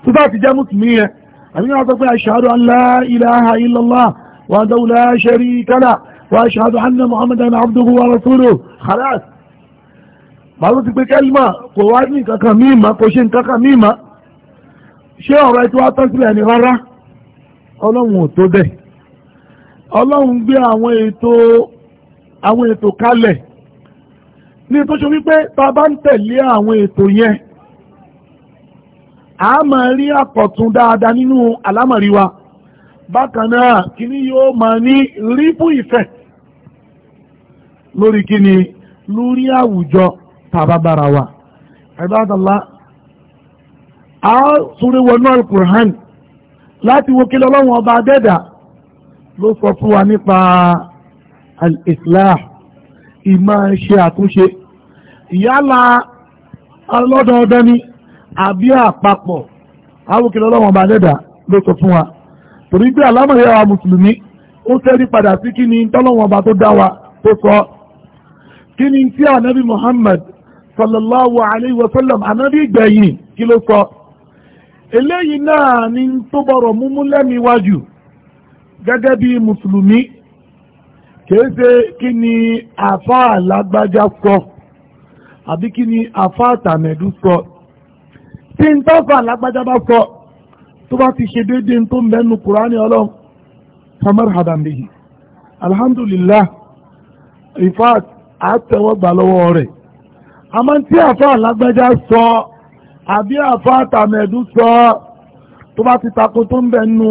tó bá ti jẹ́ mùsùlùmí yẹn àbíkà wọ́n sọ pé ashhadu an la ilaha illallah wahdahu la sharika lahu wa ashhadu anna muhammadan abduhu wa rasuluhu khalas bàbá ti pé kẹ́lìmà kò wá ní kankan mímá kò ṣe nkankan mímá ṣé ọ̀rọ̀ ẹ̀tí wá tán sílẹ̀ ní rárá ọlọ́run ò tó bẹ́ẹ̀ ọlọ́run gbé àwọn ètò àwọn ètò kalẹ̀ ní tó ṣe wípé ta bá ń tẹ̀lé àwọn ètò yẹn a máa rí àkọ̀tún dáadáa nínú àlámọ̀rí wa bákan náà kíní yóò máa ní rípù ìfẹ́ lórí kíní lórí àwùjọ tàbábára wa ibadallah a súré wọnú alukur'an láti wo kílọ̀ lọ́wọ́n ọba adẹ́dà ló sọ fún wa nípa al ìmọ̀ ṣe àtúnṣe ìyálà ọlọ́dọọdọ́ ni àbí àpapọ̀ awòkèlè ọlọ́run ọba dẹ́dà ló sọ fún wa torí pé àlámọ̀yà wa mùsùlùmí ó sẹ́rí padà sí kí ni tọ́lọ́run ọba tó dá wa tó sọ kí ni tí Anabi Muhammad sallallahu alayhi wa sallam ànábì gbẹ̀yìn kí ló sọ eléyìí náà ni tó bọ̀rọ̀ múmú lẹ́mìíwájú gẹ́gẹ́ bí mùsùlùmí kìí ṣe kí ni àfáà lágbájá sọ àbí kí ni àfáà tàmẹ̀dú sọ tí n tó fà lágbájá bá sọ tó bá ti ṣe déédéé n tó ń bẹ́nu kùránì ọlọ́run samar hadambihi alhamdulillah ifat àtẹwọ́gbà lọ́wọ́ rẹ̀ àmọ́ tí àfà lágbájá sọ àbí àfà tàmẹ̀dú sọ tó bá ti takò tó ń bẹ́nu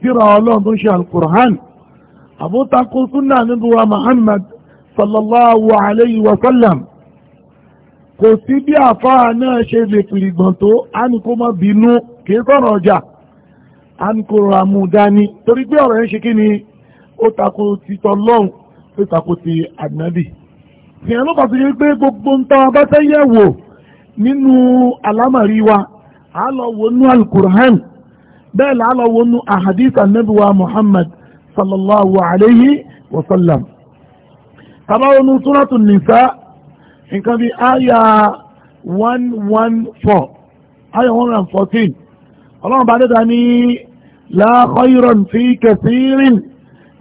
kíra ọlọ́run tó ń ṣe alukur'an àbótakò súnà nígbà muhammad sallallahu alayhi wa sallam kò sí bí àfáà náà ṣe lè fìlìgbọ̀n tó a ní kó má bínú kìí sọ̀rọ̀ ọjà a ní kó ra mú dání torí pé ọ̀rọ̀ yẹn ṣe kí ni ó tako ti tọlọ́hun ó tako ti ànábì ìyẹn ló pàṣẹ yẹn pé gbogbo ń tán bá yẹ̀ wò nínú àlámàrí wa a lọ wo nú alukur'an bẹ́ẹ̀ là lọ wo nú ahadith ànábì wa muhammad sallallahu alayhi wa sallam. tabawo nu súratu nìsa nǹkan bí àyà one one four àyà one hundred and fourteen ọlọ́run bá dẹ́ta ní la khayran fi kathirin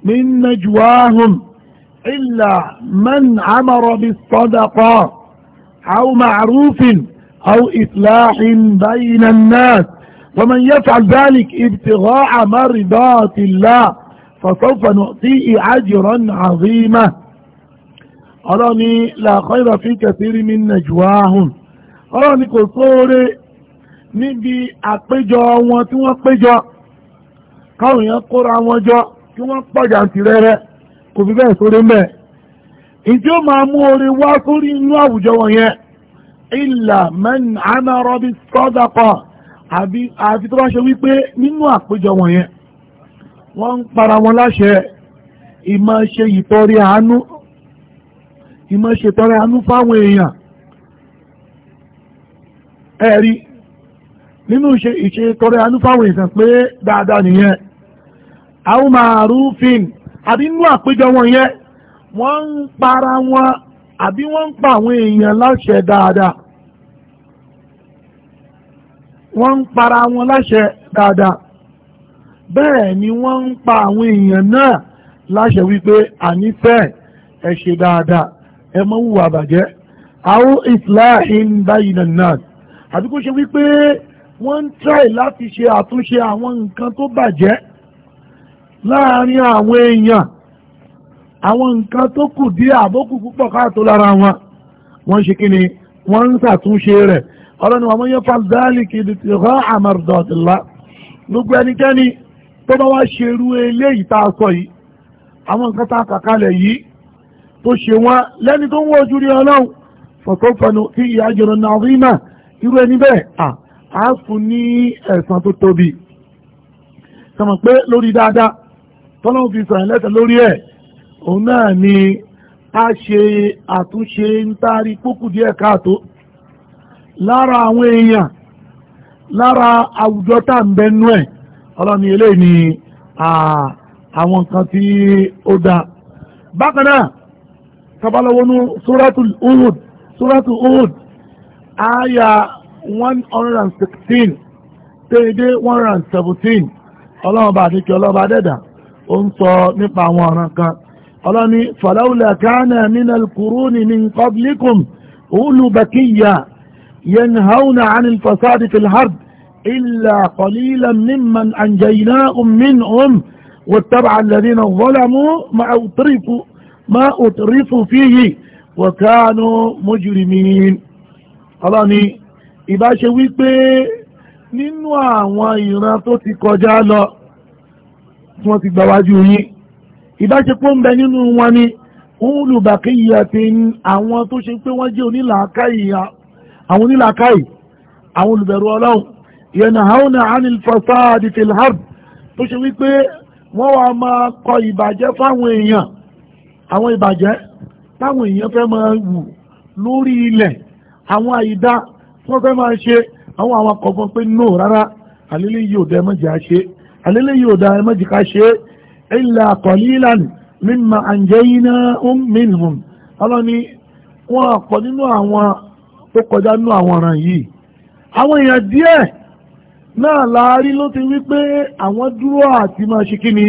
min najwahum illa man amara bis-sadaqa aw ma'rufin aw islahin bayna an ومن يفعل ذلك ابتغاء مرضات الله فسوف نؤتيه أجرا عظيما ọlọ́ni làkọ́ ìrọ̀fí kẹsìrì mi nàìjíríà ahùn ọlọ́ni kò sóore níbi àpéjọ wọn tí wọ́n péjọ káwọn èèyàn kóra wọn jọ kí wọ́n pọ̀ jàǹtìrẹrẹ kò fi bẹ́ẹ̀ sóore mẹ́ ìdí ó máa mú oore wá sórí inú àwùjọ wọn yẹn ìlà mẹ́rin àmàrọ́bí sọ́dọ̀kọ̀ àfi tó bá ṣe wípé nínú àpéjọ wọn yẹn wọ́n ń para wọn láṣẹ ìmọ̀ ṣe ìtọ́rí àánú ìmọ̀ ṣètọrẹ àánú fáwọn èèyàn ẹ̀rí nínú ìṣètọrẹ àánú fáwọn èèyàn pé dáadáa nìyẹn àwọn màrúfin àbí inú àpéjọ wọn yẹn wọ́n ń para wọn àbí wọ́n ń pa àwọn èèyàn láṣẹ dáadáa wọ́n ń para wọn láṣẹ dáadáa bẹ́ẹ̀ ni wọ́n ń pa àwọn èèyàn náà láṣẹ wípé ànífẹ́ ẹ ṣe dáadáa ẹ mọ́ wùwà àbàjẹ́ àwọn islahin bayna nas àbí kó ṣe wípé wọ́n ń try láti ṣe àtúnṣe àwọn nǹkan tó bàjẹ́ láàárín àwọn èèyàn àwọn nǹkan tó kù díẹ̀ àbókù púpọ̀ káàtó lára wọn wọ́n ṣe kí ni wọ́n ń ṣàtúnṣe rẹ̀ ọlọ́ni wọn mọ́ yẹ́ kìdì tí rọ́ àmàrùdọ̀tìlá gbogbo ẹnikẹ́ni tó bá wá ṣerú eléyìí tá a sọ yìí àwọn nǹkan tá a kàkalẹ̀ yìí tó ṣe wọn lẹ́ni tó ń wọ́ ojú rí ọlọ́run fọ̀kọ́fọ̀nù tí ìyá náà rí mà irú ẹni bẹ́ẹ̀ à á fún ní ẹ̀san tó tóbi sọmọ pé lórí dáadáa tọ́lọ́run fi sàn lẹ́sẹ̀ lórí ẹ̀ òun náà ni a ṣe àtúnṣe ń taari kókù díẹ̀ káàtó lára àwọn èèyàn lára àwùjọ tá à ń bẹnu ẹ̀ ọlọ́ni eléyìí ni àwọn nǹkan tí ó dáa bákan náà tabalawonu suratul uhud suratul uhud aya one hundred and sixteen tẹ́ẹ̀dẹ́ one hundred and seventeen ọlọ́run bá àdékẹ́ ọlọ́run bá dẹ́dà ó ń sọ nípa àwọn ọ̀ràn kan ọlọ́run ní falawla kana minal quruni min qablikum ulu bakiyya yanhauna anil fasadi fil hard إلا قليلا ممن أنجيناهم منهم واتبع الذين ظلموا ما أطرفوا ما utrifu فيه وكانوا مجرمين. mujrimin Allah ni ìbá ṣe wípé nínú àwọn ìran tó ti kọjá lọ tí wọ́n ti gbàwájú yín ìbá ṣe pọ́ ń bẹ nínú wọn ni ulu baqiyatin àwọn tó ṣe pé wọ́n jẹ́ onílàákàyè àwọn onílàákàyè àwọn olùbẹ̀rù ọlọ́run yanahawna anil fasadi fil tó ṣe wípé wọ́n wá máa kọ ìbàjẹ́ fáwọn èèyàn àwọn ìbàjẹ́ táwọn èèyàn fẹ́ máa wù lórí ilẹ̀ àwọn àyídá wọ́n fẹ́ máa ṣe àwọn àwọn akọ̀gbọ́n pé no rárá àlélé yìí ò dá ẹmọ́jì á ṣe àlélé yìí ò dá ẹmọ́jì ká ṣe illa qalilan mimma anjaynahum minhum ọlọ́ni wọn ọ̀pọ̀ nínú àwọn tó kọjá nínú àwọn ọ̀ràn yìí àwọn èèyàn díẹ̀ náà láàárín ló ti wí pé àwọn dúró àti máa ṣe kí ni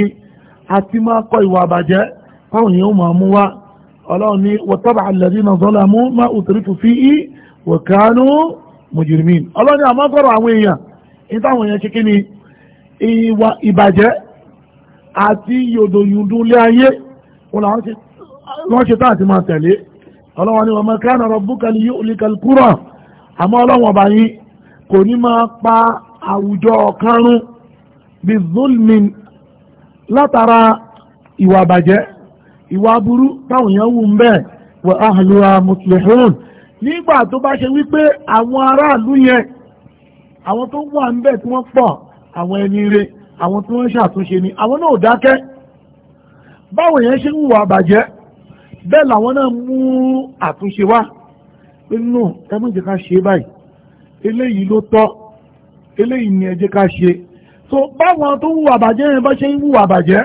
àti máa kọ ìwà àbàjẹ́ táwọn èèyàn máa mú wá ọlọ́run ní wọ́tábà alladhina zalamu ma utrifu fihi wa kanu mujrimin ọlọ́run ní àmọ́ sọ̀rọ̀ àwọn èèyàn ní táwọn èèyàn ṣe kí ni ìwà ìbàjẹ́ àti yòdòyòdò lé ayé wọ́n ṣe táà ti máa tẹ̀lé ọlọ́wọ́n ni wama kana rabbuka liyuhlikal qura àmọ́ ọlọ́wọ́n bá yí kò ní máa pa àwùjọ kánrún bizulmin látara ìwà bàjẹ́ ìwà burú táwọn èèyàn wù ń bẹ́ẹ̀ wọ ahàlùwà mùsùlùmí nígbà tó bá ṣe wípé àwọn aráàlú yẹn àwọn tó wà ń bẹ̀ tí wọ́n pọ̀ àwọn ẹni re àwọn tí wọ́n ṣàtúnṣe ni àwọn náà dákẹ́ báwọn èèyàn ṣe ń hùwà àbàjẹ́ bẹ́ẹ̀ làwọn náà mú àtúnṣe wá nínú ẹ má jẹ́ ká ṣe báyìí eléyìí ló tọ́ eléyìí ni ẹ jẹ́ ká ṣe so báwọn tó hùwà àbàjẹ́ yẹn bá ṣe ń hùwà àbàjẹ́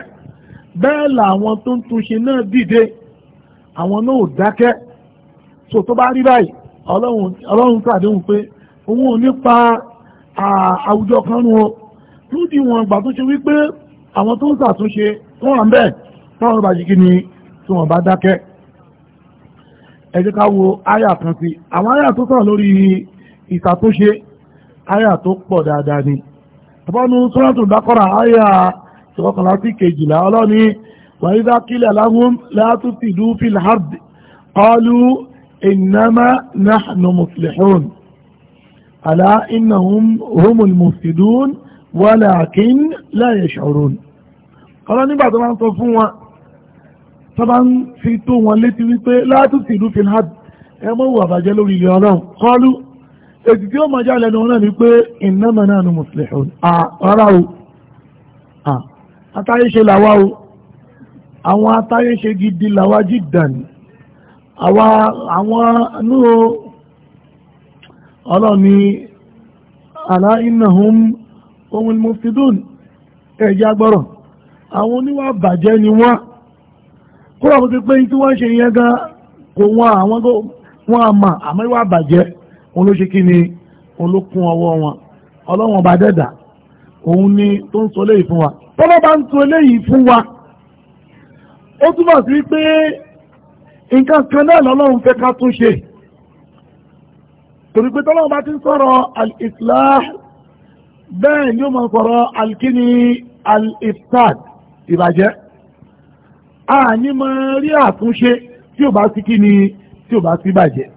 bẹ́ẹ̀ làwọn tó ń túnṣe náà dìde àwọn náà ò dákẹ́ so tó bá rí báyìí ọlọ́run pàdéhùn pé òun ò nípa àwùjọ kan nu o lódì wọn gbà tó ṣe wípé àwọn tó ń ṣàtúnṣe wọn wà ń bẹ́ẹ̀ táwọn ọba yìí kí ni tí wọn bá dákẹ́ ẹ jẹ́ ká wo àyà kan sí àwọn àyà tó sàn lórí ìṣàtúnṣe àyà tó pọ̀ dáadáa ni. Àbọ̀nù Suratul Baqara àyà ṣọ́kànlá sí kejìlá ọlọ́ni wàídá kílẹ̀ láhùn látúfìdú fìlhard qalu innama nahnu muslihun ala innahum humul mufsidun walakin la yash'urun ọlọ́ nígbà tó máa ń sọ fún wọn tó bá ń fi tó wọn létí wípé látúfìdú fìlhard ẹ mọ́ wà bàjẹ́ lórí ilẹ̀ ọlọ́run qalu èdè tí ó mọ̀ jálẹ̀ ní wọn náà ni pé innama nahnu muslihun rárá o atáyéṣe làwa o àwọn atáyéṣe gidi làwa jìdàn àwa àwọn nú ọlọ́ni àlá innahum humul mufsidun ẹ̀já gbọ́rọ̀ àwọn oníwà bàjẹ́ ni wọ́n kúrò bó ti pé tí wọ́n ṣe yẹn gan kò wọn àwọn wọn àmà àmọ́ ìwà bàjẹ́ òun ni òun ọwọ́ wọn ọlọ́wọ́n bá dẹ́dàá òun ni tó ń sọ léyìí fún wa tọ́lọ́ bá ń sọ léyìí fún wa ó túmọ̀ sí pé nǹkan kan náà lọ́lọ́run fẹ́ ká tún ṣe torí pé tọ́lọ́run bá ti ń sọ̀rọ̀ al bẹ́ẹ̀ ni ó máa sọ̀rọ̀ al-kini al-ifsad ìbàjẹ́ a ní mọ rí àtúnṣe tí ò bá sí kí tí ò bá sí bàjẹ́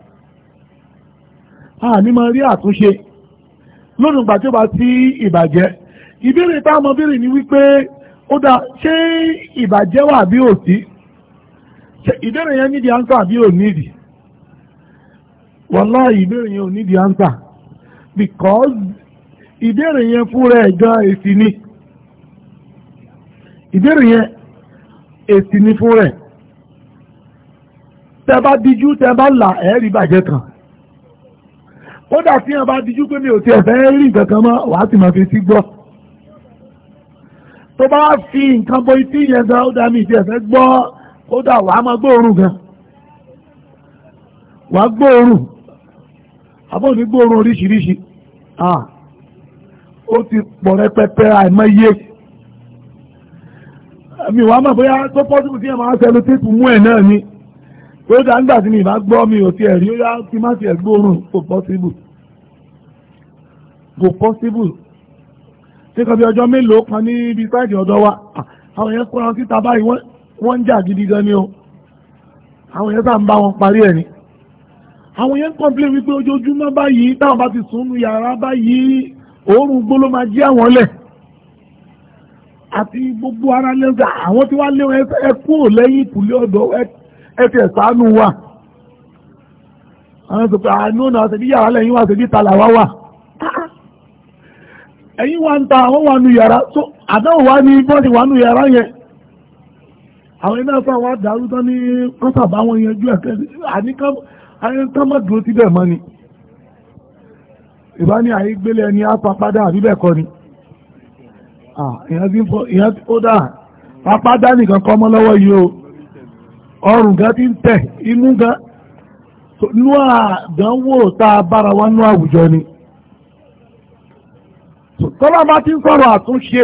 a ní rí àtúnṣe lónìí ìgbà tí ó bá sí ìbàjẹ́ ìbéèrè tá a mọ béèrè ni wípé ó dá ṣé ìbàjẹ́ wà bí ò sí ìbéèrè yẹn nídìí ánsà bí ò nídìí wàláhì ìbéèrè yẹn ò nídìí ánsà because ìbéèrè yẹn fúnra ẹ̀ gan èsì ni ìbéèrè yẹn èsì ni fúnra ẹ̀ tẹ bá dijú tẹ bá là ẹ̀ rí bàjẹ́ kan kódà tí wọn bá dijú pé mi ò tiẹ̀ fẹ́ rí nǹkan kan mọ́ wàá sì máa fi sí gbọ́. tó bá fi nǹkan bọ etí yẹn gan ó dá mi ìdí gbọ gbọ́ kódà wàá máa gbóòórùn gan wàá gbóòórùn àbọ̀ ní gbóòórùn oríṣiríṣi ó ti pọ̀ rẹpẹtẹ àìmọye mi wàá mọ̀ bóyá tó pọ́sibú tí ẹ máa mú ẹ̀ náà ni ó dá nígbà tí mi gbọ́ mi ò ó yá kí má gbóòórùn tíkan bí ọjọ́ mélòó kan níbi sáìdì ọ̀dọ́ wa àwọn yẹn kóra síta báyìí wọ́n ń jà gidi gan ni o àwọn yẹn sáà ń bá wọn parí ẹ̀ ni àwọn yẹn ń kọ́ńplé wípé ojoojúmọ́ báyìí táwọn bá ti sùn nu yàrá báyìí òórùn gbóló máa jí àwọn lẹ̀ àti gbogbo ara lẹ́gbẹ̀ẹ́ àwọn tí wàá léwọn ẹ kúrò lẹ́yìn ìpùlẹ̀ ọ̀dọ́ ẹ ti ẹ̀sánú wa àwọn sọ pé àánú náà ṣe bí yàrá lẹ́yìn wa ṣe bí tàlà wá wà. ẹ̀yìn wà ń ta àwọn wà nù yàrá tó àdáwò wà ní bọ́ọ̀dì wà nù yàrá yẹn àwọn iná sọ wá dàrú tán ní kọ́sàbá wọn yanjú ẹ̀kẹ́ àníkà ti mọ́ ni ìbá ní àyè gbélé ẹni apapádá àbí bẹ́ẹ̀ kọ́ ni ìyẹn ó dà apádá nìkan kọ́ mọ́ lọ́wọ́ yìí o ọrùn gan ti ń tẹ̀ imú gan nú àdánwò tá a bára nú ni. tọ́lá bá ti ń sọ̀rọ̀ àtúnṣe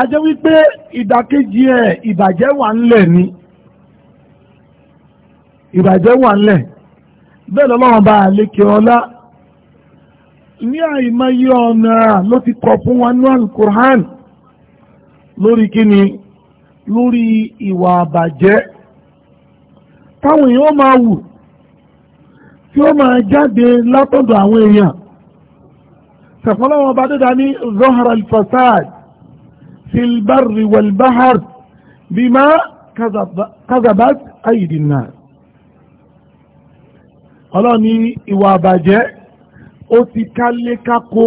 a jẹ́ wípé ìdàkejì ẹ̀ ìbàjẹ́ wà ńlẹ̀ ni ìbàjẹ́ wà ńlẹ̀ bẹ́ẹ̀ lọ́lọ́run bá àlékè ọlá ní àìmọye ọ̀nà ló ti kọ fún wa ní alukur'an lórí kíni lórí ìwà àbàjẹ́ táwọn èèyàn máa wù tí ó máa jáde látọ̀dọ̀ àwọn èèyàn tẹ̀fọ́lọ́wọ́n bá dúdà ní zohra al-fasad fil barri wal bahar bima kazabat aydin nas ọlọ́run ní ìwà àbàjẹ́ ó ti kálé kákó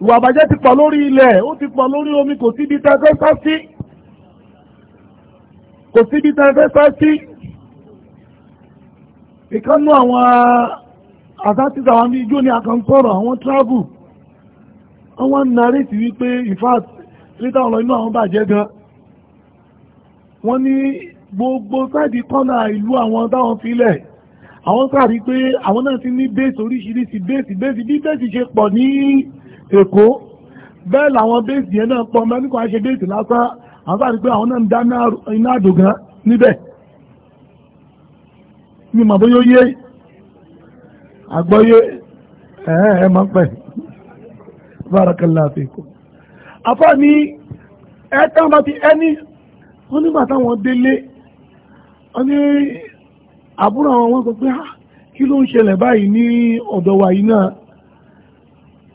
ìwà àbàjẹ́ ti pọ̀ lórí ilẹ̀ ó ti pọ̀ lórí omi kò síbi tẹ́fẹ́ sá sí kò síbi tẹ́fẹ́ sá sí ìkánú àwọn àtàtìsà àwọn ni àkànkọ́rọ̀ àwọn travel wọ́n wá ń narétì wípé in fact lítà ọ̀rọ̀ inú àwọn bàjẹ́ gan wọ́n ní gbogbo sáìdì kọ́nà ìlú àwọn táwọn filẹ̀ àwọn sàrí pé àwọn náà ti ní bẹ́ẹ̀sì oríṣiríṣi bẹ́ẹ̀sì bẹ́ẹ̀sì bí bẹ́ẹ̀sì ṣe pọ̀ ní Èkó bẹ́ẹ̀ làwọn bẹ́ẹ̀sì yẹn náà pọ̀ mẹ́rin kan ṣe bẹ́ẹ̀sì lásán àwọn sàrí pé àwọn náà ń dáná iná àdògán níbẹ̀ ní màbóyóyé àgbọ́yé ẹ̀ẹ́ ẹ̀ máa ń pẹ̀ barakallahu fikum afa ni ẹ̀ẹ́tàn bá ti ẹni wọ́n nígbà táwọn délé wọ́n ní àbúrò àwọn wọn sọ pé ah, kí ló ń ṣẹlẹ̀ báyìí ní ọ̀dọ̀ wa yìí náà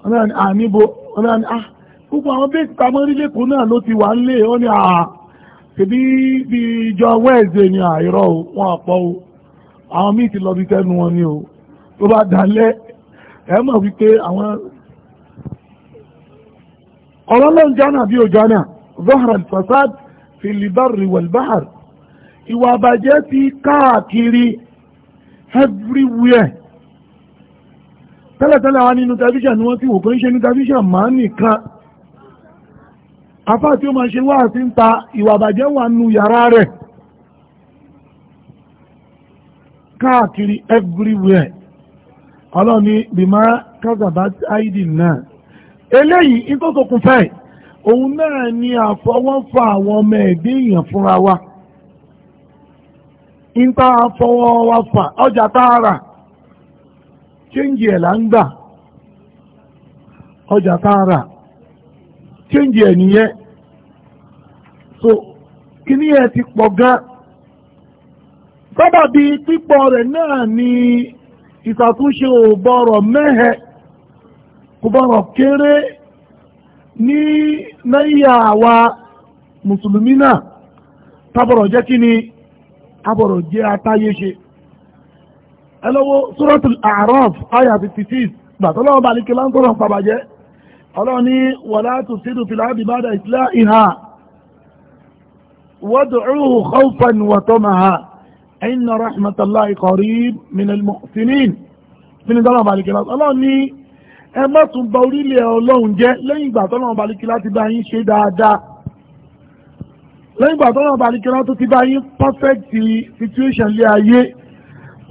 wọ́n náà ní àníbo ah, wọ́n náà ní ah gbogbo àwọn bẹ́ẹ̀ ta mọ́ nílé náà ló ti wà ń wọ́n ní àà ah, tèmi bí ìjọ wẹ́ẹ̀dẹ̀ ni àìrọ̀ o wọ́n àpọ̀ o àwọn míì ti lọ bí tẹnu wọn ni o tó bá dalẹ̀ ẹ̀ mọ̀ wípé àwọn ọ̀rọ̀ náà jánà bí ó jánà zohran fasad filibari walbahar ìwà àbàjẹ́ ti káàkiri everywhere tẹ́lẹ̀tẹ́lẹ̀ àwọn nínú tẹlifíṣàn ni wọ́n ti wò kó ń ṣe ní tẹlifíṣàn máa nìkan afá tí ó máa ṣe wá sí ń ta ìwà àbàjẹ́ wà nù yàrá rẹ̀ káàkiri everywhere ọlọ́ni bìmá kásàbá áìdì náà eléyìí tó sokùn fẹ́ òun náà ni àfọwọ́fà àwọn ọmọ ẹ̀dẹ́ èèyàn fúnra wa níta fọwọ́ ọjà tààrà chéńjì ẹ̀ là ń gbà ọjà tààrà chéńjì ẹ̀ nìyẹn so kíní ẹ ti pọ̀ gan sábàbí pípọ̀ rẹ̀ náà ni ìṣàtúnṣe ò bọ̀rọ̀ mẹ́hẹ̀ẹ́. kò bọ̀rọ̀ kéré ní náyà àwa mùsùlùmí náà tábọ̀rọ̀ jẹ́ kí ni abọ̀rọ̀ jẹ́ atáyé ṣe ẹ lọ́wọ́ suratul A'raf aya fifty six gbàtọ́lọ́wọ́ bá alikẹ́ láńtọ́rọ̀ pàbàjẹ́ ọlọ́ni wàlá tusidu fil ardi ba'da islahiha wad'uhu khawfan wa tama'a inna rahmatallahi qarib minal muhsinin fínidọ́lọ́wọ́ bá alikẹ́ láńtọ́rọ̀ ọlọ́ni ẹ má tún bà orílẹ̀ ọlọ́run jẹ́ lẹ́yìn ìgbà tọ́lọ́run baliki láti bá yín ṣe dáadáa lẹ́yìn ìgbà tọ́lọ́run baliki láti ti bá yín perfect situation lé ayé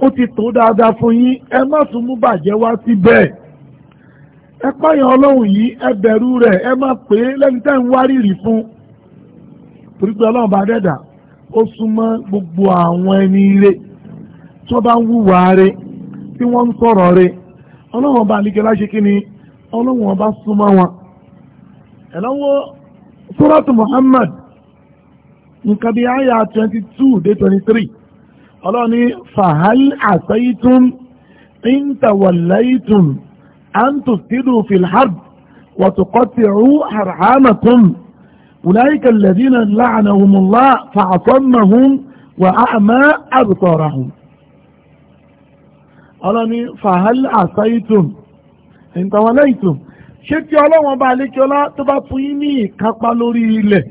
ó ti tó dáadáa fún yín ẹ má tún mú bàjẹ́ wá síbẹ̀ ẹ páyàn ọlọ́run yìí ẹ bẹ̀rù rẹ̀ ẹ má pé lẹ́ni tẹ́ ń wárìrì fún torí pé ọlọ́run bá dẹ́dà ó súnmọ́ gbogbo àwọn ẹni ire tí wọ́n bá ń wúwa re tí wọ́n ń sọ̀rọ̀ re ọlọ́run ọba àlìkẹ́ láṣẹ kí ni ọlọ́run ọba súnmọ́ wọn ẹ̀lọ́wọ́ suratu Muhammad nǹkan bíi àyà twenty two dé twenty three ọlọ́run ní fahal asaytum in tawallaytum an tufsidu fil ard wa tuqatti'u arhamakum ulaika alladhina la'anahumullah fa'asammahum wa ọlọ́ni fahal asaitum ìntàwọlẹ́ìtùm ṣé kí ọlọ́wọ́n bá lé kí ọlá tó bá fún yín ní ìkápá lórí ilẹ̀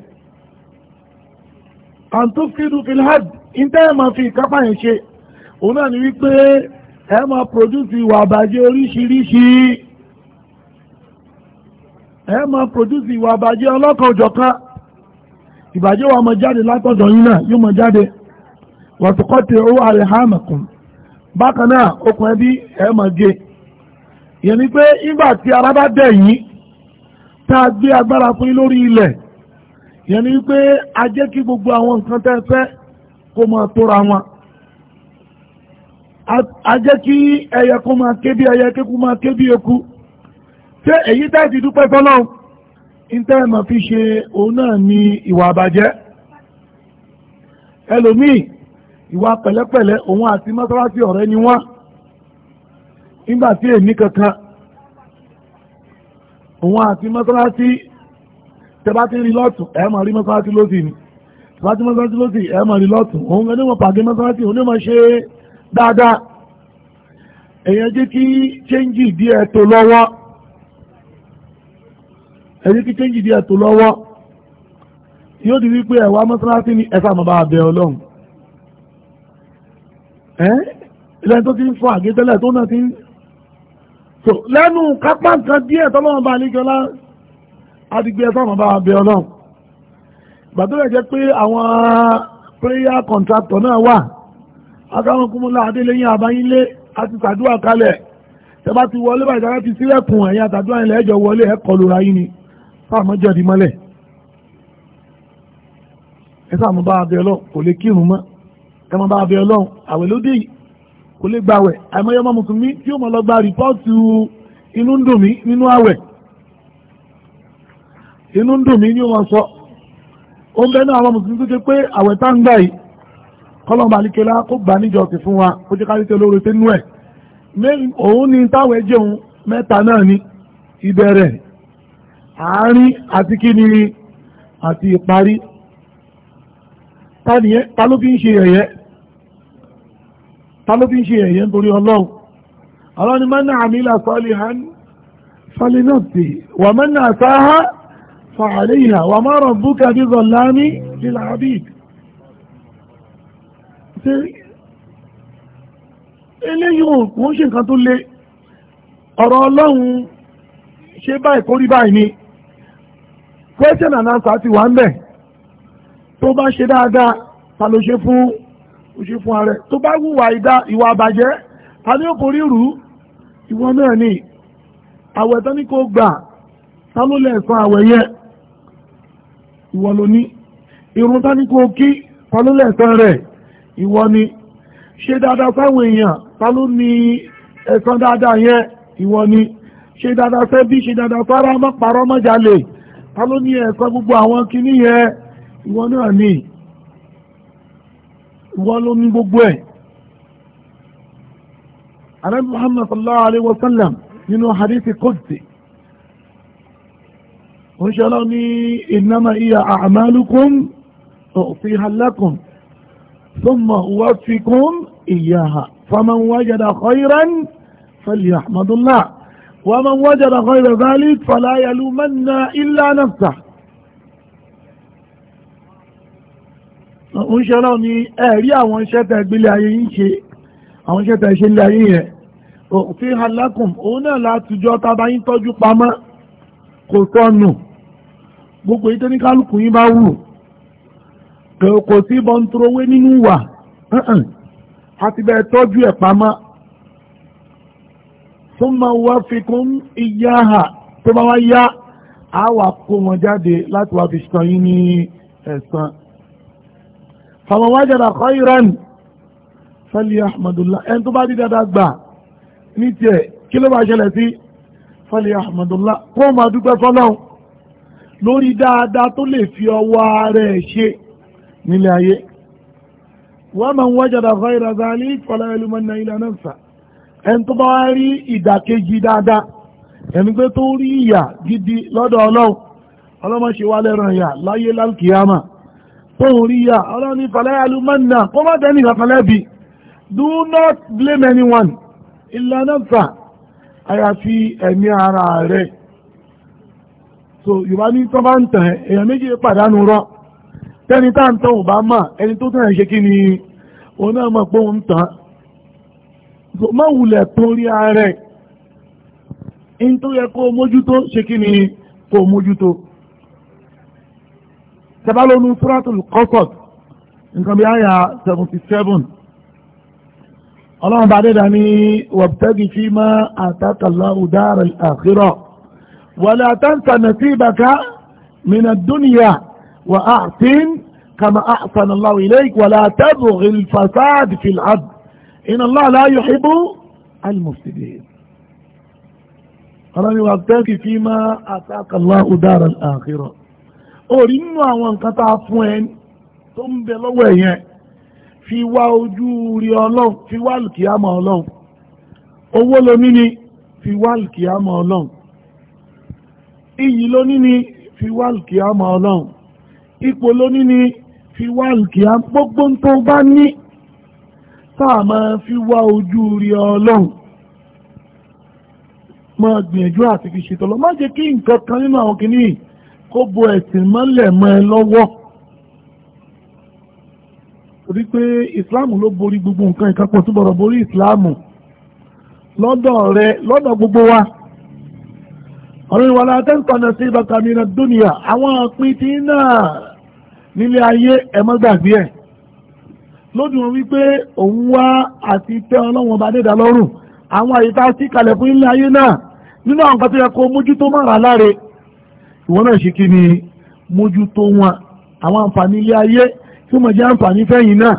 àtúnfìdù filhad ìtẹ́ ẹ̀ máa fi ìkápá yẹn ṣe òun náà ni wípé ẹ máa produce ìwà àbàjẹ́ oríṣiríṣi ẹ máa produce ìwà àbàjẹ́ ọlọ́kan òjọ̀kan ìbàjẹ́ wa máa jáde látọ̀dọ̀ yín náà yóò máa jáde wàtúkọ́tẹ̀ ó àrẹ̀ hàmẹ̀kùn bákan náà okùn ẹbí ẹ máa gé ìyẹn ni pé nígbà tí ara bá dẹ̀ yín tá a gbé agbára fún yín lórí ilẹ̀ ìyẹn ni pé a jẹ́ kí gbogbo àwọn nǹkan tẹ́ fẹ́ kó máa tóra wọn a jẹ́ kí ẹyẹ kó máa ké bí ẹyẹ kéku máa ké bí eku ṣé èyí tẹ́ ti dúpẹ́ fọ́lọ́hún ìtẹ́ máa fi ṣe òun náà ní ìwà àbàjẹ́ ẹlòmíì ìwà pẹ̀lẹ́pẹ̀lẹ́ òun àti mọ́sálásí ọ̀rẹ́ ni wọ́n nígbà èmi kankan òun àti mọ́sálásí tẹ́bá ti rí lọ́tún rí ni tẹ́bá ti mọ́sálásí lọ́sì rí lọ́tún òun ẹni mọ̀ pàdé mọ́sálásí òun ní ṣe dáadáa èèyàn jẹ́ kí chẹ́ńjì díẹ̀ tó lọ́wọ́ kí chẹ́ńjì díẹ̀ tó lọ́wọ́ yóò di wípé ẹ̀wà ni ilẹ̀ tó ti ń fọ àgétẹ́lẹ̀ tó náà ti ń so lẹ́nu kápá nǹkan díẹ̀ tọ́lọ́wọ́n bá alíkọlá adigun e ẹ̀sán ọ̀nà bá bẹ ọlọ́run gbàdúrà jẹ́ pé àwọn prayer contractor náà wà akáwọn kúmúlá adéléyìn àbáyínlé àti tàdúrà kalẹ̀ tẹ́bá ti wọlé báyìí dára ti sílẹ̀kùn ẹ̀yìn àtàdúrà ilẹ̀ ẹ̀jọ̀ wọlé ẹ̀ kọlura yín ni fáàmọ́ jọ̀dí mọ́lẹ̀ ẹ̀sán ọ̀nà bá bẹ ọlọ́run kò lè kírun mọ́ ẹ máa bá abẹ ọlọ́run àwẹ̀ ló dé yìí kò lè gbàwẹ̀ àìmọye ọmọ mùsùlùmí tí ó mọ̀ lọ gba rìpọ́ọ̀tù inú ń dùn mí nínú àwẹ̀ inú ń dùn mí ni ó mọ̀ sọ ó ń bẹ́ẹ̀ náà àwọn mùsùlùmí tó ṣe pé àwẹ̀ tá ń gbà yìí kọ́lọ́n balikẹ́lá kó gbà níjọ ti fún wa kó jẹ́ kárí tẹ olóore sínú ẹ̀ òun ni táwọn ẹjẹun mẹ́ta náà ni ìbẹ̀rẹ̀ àárín àti kíni àti ìparí ta ló fi ń ṣe ẹ̀yẹ́ ta ló fi ń ṣe ẹ̀yẹ́ nítorí ọlọ́run ọlọ́run ni mọ́nà àmìlà salihan falinọ́sì wà mọ́nà àtàhà fa'alayha wà ma rabbuka bi zallami lil abid eléyìí wọ́n ṣe nǹkan tó lé ọ̀rọ̀ ọlọ́run ṣe báyìí kórí báyìí ni question and answer wà ń bẹ̀ tó bá ṣe dáadáa ta ló ṣe fún ó ṣe fún ààrẹ tó bá wùwà ìdá ìwà àbàjẹ́ ta ni ó kò ríru ìwọ náà ni àwẹ̀ tán ní kò gbà ta ló lè san àwẹ̀ yẹ ìwọ ló ní irun tán ní kò kí ta ló lè san rẹ̀ ìwọ ni ṣe dáadáa sáwọn èèyàn ta ló ní ẹ̀san dáadáa yẹn ìwọ ni ṣe dáadáa fẹ́ ṣe dáadáa sára má parọ́ má jalè ta ló ní ẹ̀san gbogbo àwọn kinní yẹn ìwọ náà ni ìwọ ló ní gbogbo ẹ̀ anabi muhammad sallallahu alayhi wa sallam nínú hadithi qudsi ó ṣe ọlọ́run ní innama iya a'malukum u'tiha lakum thumma uwaffikum iyyaha faman wajada khayran falyahmadullah wa man wajada ghayra dhalik fala yalumanna illa nafsahu ń ṣe ọlọ́run ní ẹ̀rí àwọn iṣẹ́ tẹ́ gbélé ayé yìí ṣe àwọn iṣẹ́ tẹ́ ṣe lé ayé yẹn òfin alákùn òun náà látijọ́ tábà yín tọ́jú pamọ́ kò tọ́nù gbogbo yìí tó ní kálukú yín bá wù kò sí bọ́ntrowé nínú wà àti bẹ́ẹ̀ tọ́jú ẹ̀ pamọ́ fún ma wá fi kún ìyá ha tó bá wá yá àwa kó wọn jáde láti wá fi ṣàn yín ní ẹ̀sán fàwọn wájàdà khairan fali ahmadullah ẹni tó bá di dáadáa gbà ní tiẹ̀ kí ló bá ṣẹlẹ̀ sí fali ahmadullah kó máa dúpẹ́ fọlọ́hún lórí dáadáa tó lè fi ọwọ́ rẹ̀ ṣe nílé ayé wọ́n máa ń wájàdà khairan zálí fọlá ẹlùmọ́nà ilẹ̀ náà sà ẹni tó bá rí ìdàkejì dáadáa ẹni pé tó rí ìyà gidi lọ́dọ̀ ọlọ́run ọlọ́mọ ṣe wá lẹ́ran ìyà láyé lálùkìyàmà tóhun rí yá ọlọ́run kó má tẹ́ nìkan falẹ́ do not blame anyone ìlànà fà àyàfi ẹ̀mí ara rẹ̀ so yorùbá ní tọ́ bá ń tàn èèyàn méjì pàdánù rọ tẹ́ni tá ń tán ò bá mà ẹni tó tàn ẹ̀ ṣe kí ni òun náà mọ̀ pé òun tàn so má wulẹ̀ torí ara rẹ̀ in tó yẹ kó mójútó ṣe kí ni kó mójútó tẹ́bálónú suratul Qasas nǹkan bí àyà seventy seven ọlọ́run bá dédà ní wabtaghi fima ataka Allahu daral akhirah wala tansa nasibaka minad dunya wa ahsin kama ahsana Allahu ilayk wala tabghil fasad fil ard inna Allaha la yuhibbu al-mufsidin ọlọ́run wabtaghi fima ataka orí nínú àwọn nǹkan tá a fún ẹ tó ń bẹ lọ́wọ́ ẹ̀yẹn fi wá ojú rí ọlọ́run fi wá àlùkìyàmọ̀ ọlọ́run owó loní ni fi wá àlùkìyàmọ̀ ọlọ́run iyì lóní ni fi wá àlùkìyàmọ̀ ọlọ́run ipò lóní ni fi wá àlùkìyàmọ̀ gbogbo tó bá ní sáà máa fi wá ojú rí ọlọ́run máa gbìyànjú àti fi ṣètò lọ má jẹ́ kí nǹkan kan nínú àwọn kìnnìyàn kó bo ẹ̀sìn mọ́lẹ̀ mọ́ ẹ lọ́wọ́ torí pé ìsìláàmù ló borí gbogbo nǹkan ìkápọ̀ tó bọ̀rọ̀ borí ìsìláàmù lọ́dọ̀ rẹ lọ́dọ̀ gbogbo wa ọ̀rẹ́ wa la tẹ́ǹtọ̀nà sí ìbáka mi náà dúnìyà àwọn àpín tí náà nílé ayé ẹ̀mọ́ gbàgbé ẹ̀ lódì wọn wípé òun wá àti tẹ́ ọlọ́wọ́n bá dédà lọ́rùn àwọn àyíká sí kalẹ̀ fún ilé ayé náà nínú àwọn kan tó yẹ kó mójútó mọ́ra láre ìwọ́n náà ṣe kí ni mójútó wọn àwọn àǹfààní ilé ayé tí mo jẹ́ àǹfààní fẹ́yìn náà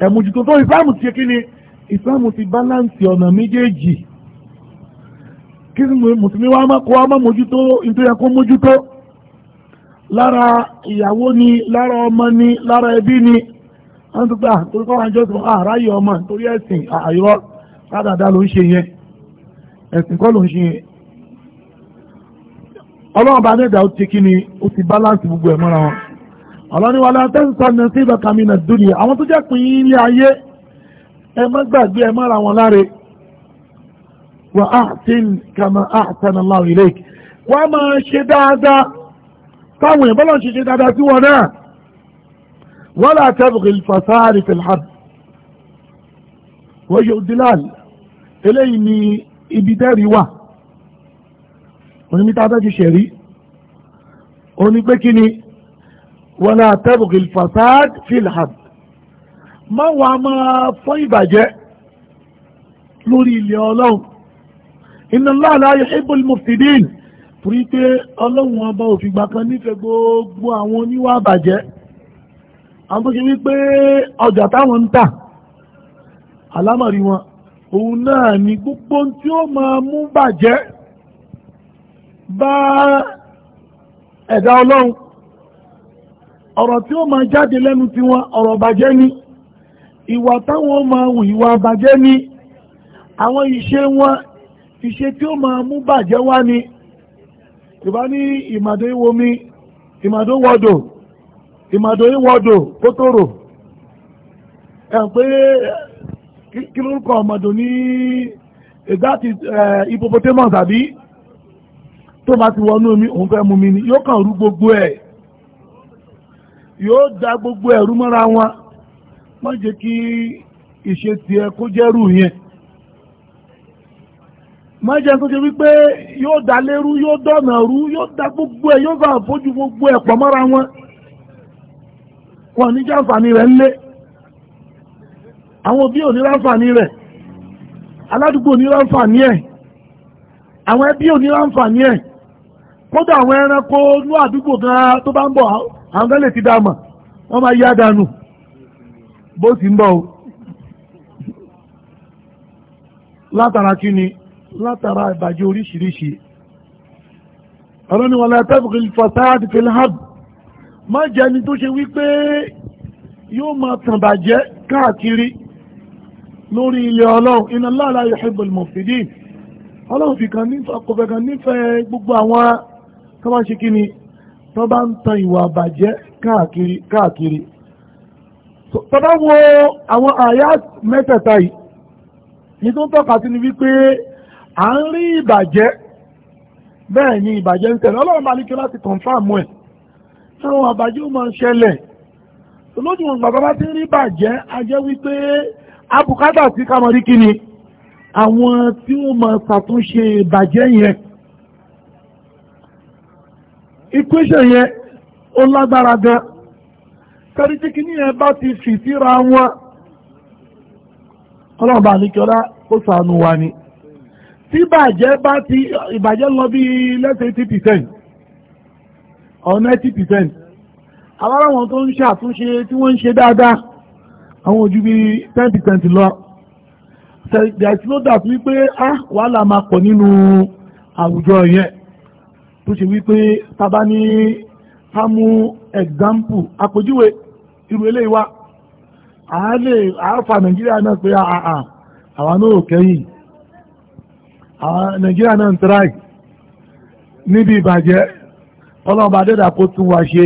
ẹ̀ tó ìsìláàmù ti ṣe kí ni ìsìláàmù ti báláǹsì ọ̀nà méjèèjì kí ni mùsùlùmí wa máa kó wa máa mójútó nítorí ẹ̀kọ́ mójútó lára ìyàwó ni lára ọmọ ni lára ẹbí ni wọ́n ti gbà ah, torí kọ́ sọ àráyè ah, ọmọ torí ẹ̀sìn ah, ló ń ṣe yẹn ọlọ́run bá dẹ́dà ó ti kí ni ó ti báláǹsì gbogbo ẹ̀ mọ́ra wọn ọlọ́run wa la tansa nasibaka mina dunya àwọn tó jẹ́ pín in ilé ayé ẹ má gbàgbé ẹ mọ́ra wọn láre wa ahsin kama ahsana Allahu ilayk wọ́n á máa ṣe dáadáa táwọn èèyàn bọ́lọ̀ ṣe ṣe dáadáa sí wọn náà wala tabghil fasada fil ard wa yu'dilal eléyìí ni ibi dẹ́rìí wà onímítà bẹ́ẹ̀ ti ṣẹ̀rí ó ní pé kí ni wala tabghil fasad fil ard má wà á máa fọ́n ìbàjẹ́ lórí ilẹ̀ ọlọ́run inna Allah la yuhibbul mufsidin torí pé ọlọ́run ọba òfìgbà kan nífẹ̀ẹ́ gbogbo àwọn oníwà àbàjẹ́ àwọn tó ṣe wípé ọjà táwọn ń tà alámọ̀rí wọn òun náà ni gbogbo tí ó máa mú bàjẹ́ bá ẹ̀dá ọlọ́run ọ̀rọ̀ tí ó máa jáde lẹ́nu tiwọn ọ̀rọ̀ bàjẹ́ ni ìwà táwọn máa wù ìwà bàjẹ́ ni àwọn ìṣe wọn ìṣe tí ó máa mú bàjẹ́ wá ni ìbá ní ìmàdó ìwomi ìmàdó wọdò ìmàdó ìwọdò kótóró kí lórúkọ ọmọdò ní ìgbà ti eh, hippopotamus àbí tó bá ti wọnú omi òun fẹ́ mú mi ni yóò kàn rú gbogbo ẹ̀ yóò da gbogbo ẹ̀rú mọ́ra wọn má jẹ́ kí ìṣe tiẹ̀ kó jẹ́rù yẹn má jẹ́ tó ṣe wípé yóò yọọ lérú yóò dọ̀nà rú yóò dá gbogbo ẹ̀ yóò bá fojú gbogbo ẹ̀ pọ̀ mọ́ra wọn wọn ní jàǹfààní rẹ̀ ńlé àwọn òbí rẹ̀ aládùúgbò ẹ̀ àwọn ẹbí kódà àwọn ẹranko ní àdúgbò gan tó bá ń bọ̀ àwọn gan lè ti dá mọ̀ wọ́n máa yá dànù bó sì ń bọ̀ o látara kí ni látara ìbàjẹ́ oríṣiríṣi ọ̀rọ̀ ni wọ́n lọ tẹ́fù fasáàdì filhab má jẹ́ ni tó ṣe wípé yóò máa tàn bàjẹ́ káàkiri lórí ilẹ̀ ọlọ́run iná ọlọ́run nífẹ̀ẹ́ gbogbo àwọn tó bá ń ṣe kí ni tó bá ń tan ìwà àbàjẹ́ káàkiri káàkiri tó bá wo àwọn àyà mẹ́tẹ̀ẹ̀ta yìí ní tó ń tọ́ka sí ni wípé à ń rí ìbàjẹ́ bẹ́ẹ̀ ni ìbàjẹ́ ń tẹ̀lé ọlọ́run máa ní kí láti confam ẹ̀ táwọn àbàjẹ́ ó máa ń ṣẹlẹ̀ lójú wọn bá ti ń rí bàjẹ́ a jẹ́ wípé abùkátà sí kámọ́rí kí ni àwọn tí wọ́n máa ṣàtúnṣe ìbàjẹ́ yẹn equation yẹn ó lágbára gan kẹrí tí kìíní yẹn bá ti fì síra wọn ọlọ́ọ̀bà àníkọ́lá ó sànù wa ni tí ìbàjẹ́ bá ti ìbàjẹ́ lọ bí lẹ́sẹ̀ eighty percent or ninety percent àwọn àwọn tó ń ṣàtúnṣe tí wọ́n ń ṣe dáadáa àwọn ojú bí ten percent lọ there is no doubt wípé ah wàhálà máa pọ̀ nínú àwùjọ yẹn tó ṣe wípé tábà ní ká mú ẹ̀gbáǹpù àpèjúwe irú eléyìí wá àáfà nàìjíríà náà pé àà ah, ah, ah, àwọn náà kẹ́yìn àwọn nàìjíríà náà ń tíráì níbi ìbàjẹ́ ọlọ́ọ̀bà dẹ́dà kó tún wá ṣe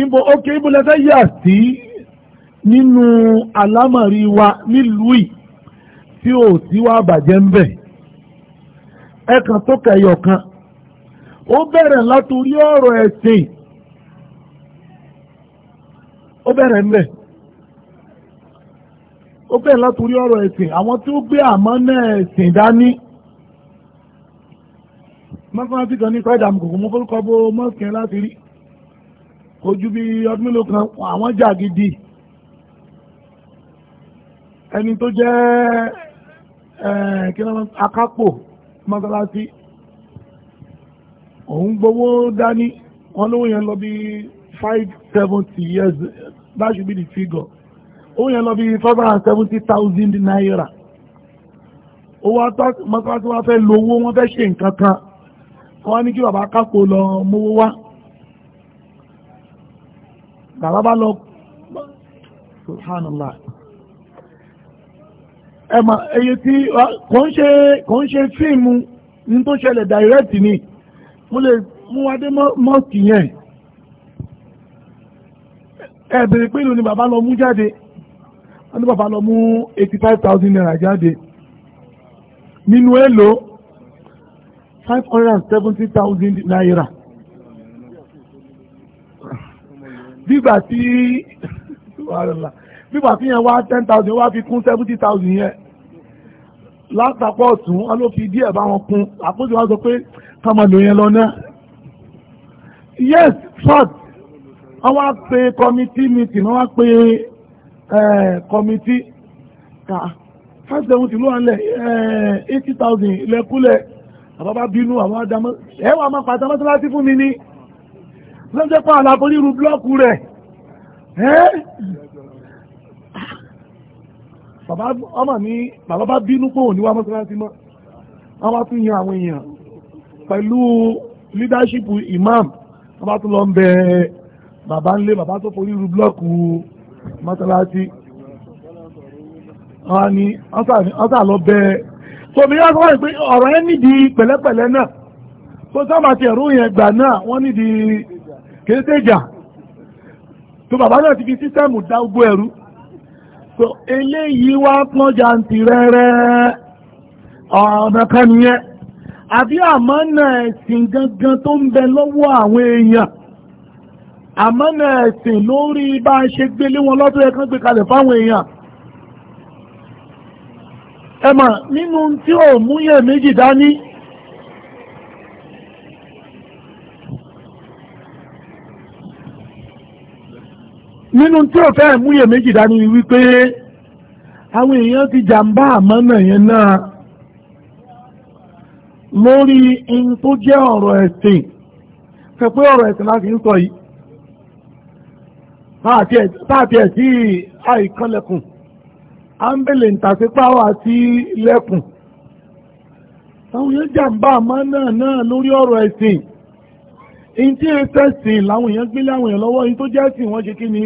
ìbò ókè ìbò lẹ́fẹ́ yà sí nínú alámọ̀rí wa nílùú yìí tí ò sí wá bàjẹ́ ń bẹ̀ ẹ̀kan tó kẹyọ̀ kan ó bẹ̀rẹ̀ látòrí ọ̀rọ̀ ẹ̀sìn ó bẹ̀rẹ̀ ń bẹ̀ ó bẹ̀rẹ̀ látòrí ọ̀rọ̀ ẹ̀sìn àwọn tí ó gbé àmọ́ náà ẹ̀sìn dání mọ́sánásí kan ní kọ́ìdà àmùkòkò mú fórúkọ bó mọ́sìn láti rí ojú bí ọdún mélòó kan àwọn jà ẹni tó jẹ́ akápò mọ́sánásí òun gbowó dání wọn lówó yẹn lọ bí five seventy years that should be the figure owó yẹn lọ bí five hundred seventy thousand naira owó mọ́tàlá tí wọ́n fẹ́ lo owó fẹ́ ṣe nǹkan lọ mówó wá bàbá bá lọ subhanallah ẹ mà eye tí kò ń ṣe fíìmù ní tó ni. mo lè mú wá dé mọ́ọ̀kì yẹn ẹ pé ìlú ni bàbá lọ mú jáde wọ́n ní bàbá lọ mú eighty five thousand naira jáde nínú èlò five hundred and seventy thousand naira bígbà tí bígbà tí yẹn wá ten thousand wá fi kún seventy thousand yẹn látàpọ̀ ọ̀tún wọn ló fi díẹ̀ bá wọn kún àkóso wọn sọ pé kọmọlò lọ náà yes short wọ́n wá pé committee meeting wọ́n wá pé eh, committee ká five seventy ló wà nílẹ̀ eh, eighty thousand lẹ́kúlẹ̀ àbábá bínú àwọn adamọ́ ẹ wà máa pàtàkì mọ́sálásí fún mi ní lọ́jọ́ pa àlàbò nírú búlọ́ọ̀kù rẹ̀ ẹ́ bàbá ọmọ mi bàbá bínú pé òní wá mọ́sálásí mọ́ wọ́n wá tún yan àwọn èèyàn pẹ̀lú leadership imam bàbá tó lọ ń bẹ bàbá ńlé bàbá tó forí ru blọ́ọ̀kù mọ́tàláṣí wọ́n ní ọ́sà lọ bẹ tòmí yá sọ́wọ́ pé ọ̀rọ̀ yẹn nídìí pẹ̀lẹ́pẹ̀lẹ́ náà tó sábà ti ẹ̀rú yẹn gbà náà wọ́n nídìí kéétéjà tó bàbá náà ti fi sísẹ́mù dá gbogbo ẹ̀rú so eléyìí wá pọ́n jàǹtì rẹ́rẹ́ ọ̀nà kan nìyẹn àbí àmọ́nà ẹ̀sìn gangan tó ń bẹ lọ́wọ́ àwọn èèyàn àmọ́nà ẹ̀sìn lórí bá a ṣe gbélé wọn lọ́dún ẹ̀kan gbé kalẹ̀ fáwọn èèyàn ẹmà nínú tí ò múyẹ̀ méjì dání nínú tí ò fẹ́ múyẹ̀ méjì dání wípé àwọn èèyàn ti jàǹbá àmọ́nà yẹn náà lórí in tó jẹ́ ọ̀rọ̀ ẹ̀sìn fẹ́ pé ọ̀rọ̀ ẹ̀sìn láti ń sọ yìí táàtì ẹ̀ sí àìkánlẹ̀kùn a ń bèlè ń tàṣí páwọ́ àti lẹ́kùn táwọn èèyàn jàǹbá àmọ́ náà náà lórí ọ̀rọ̀ ẹ̀sìn in tí ẹ tẹ̀sìn làwọn èèyàn gbélé àwọn èèyàn lọ́wọ́ in tó jẹ́ ẹ̀sìn wọ́n ṣe kí ni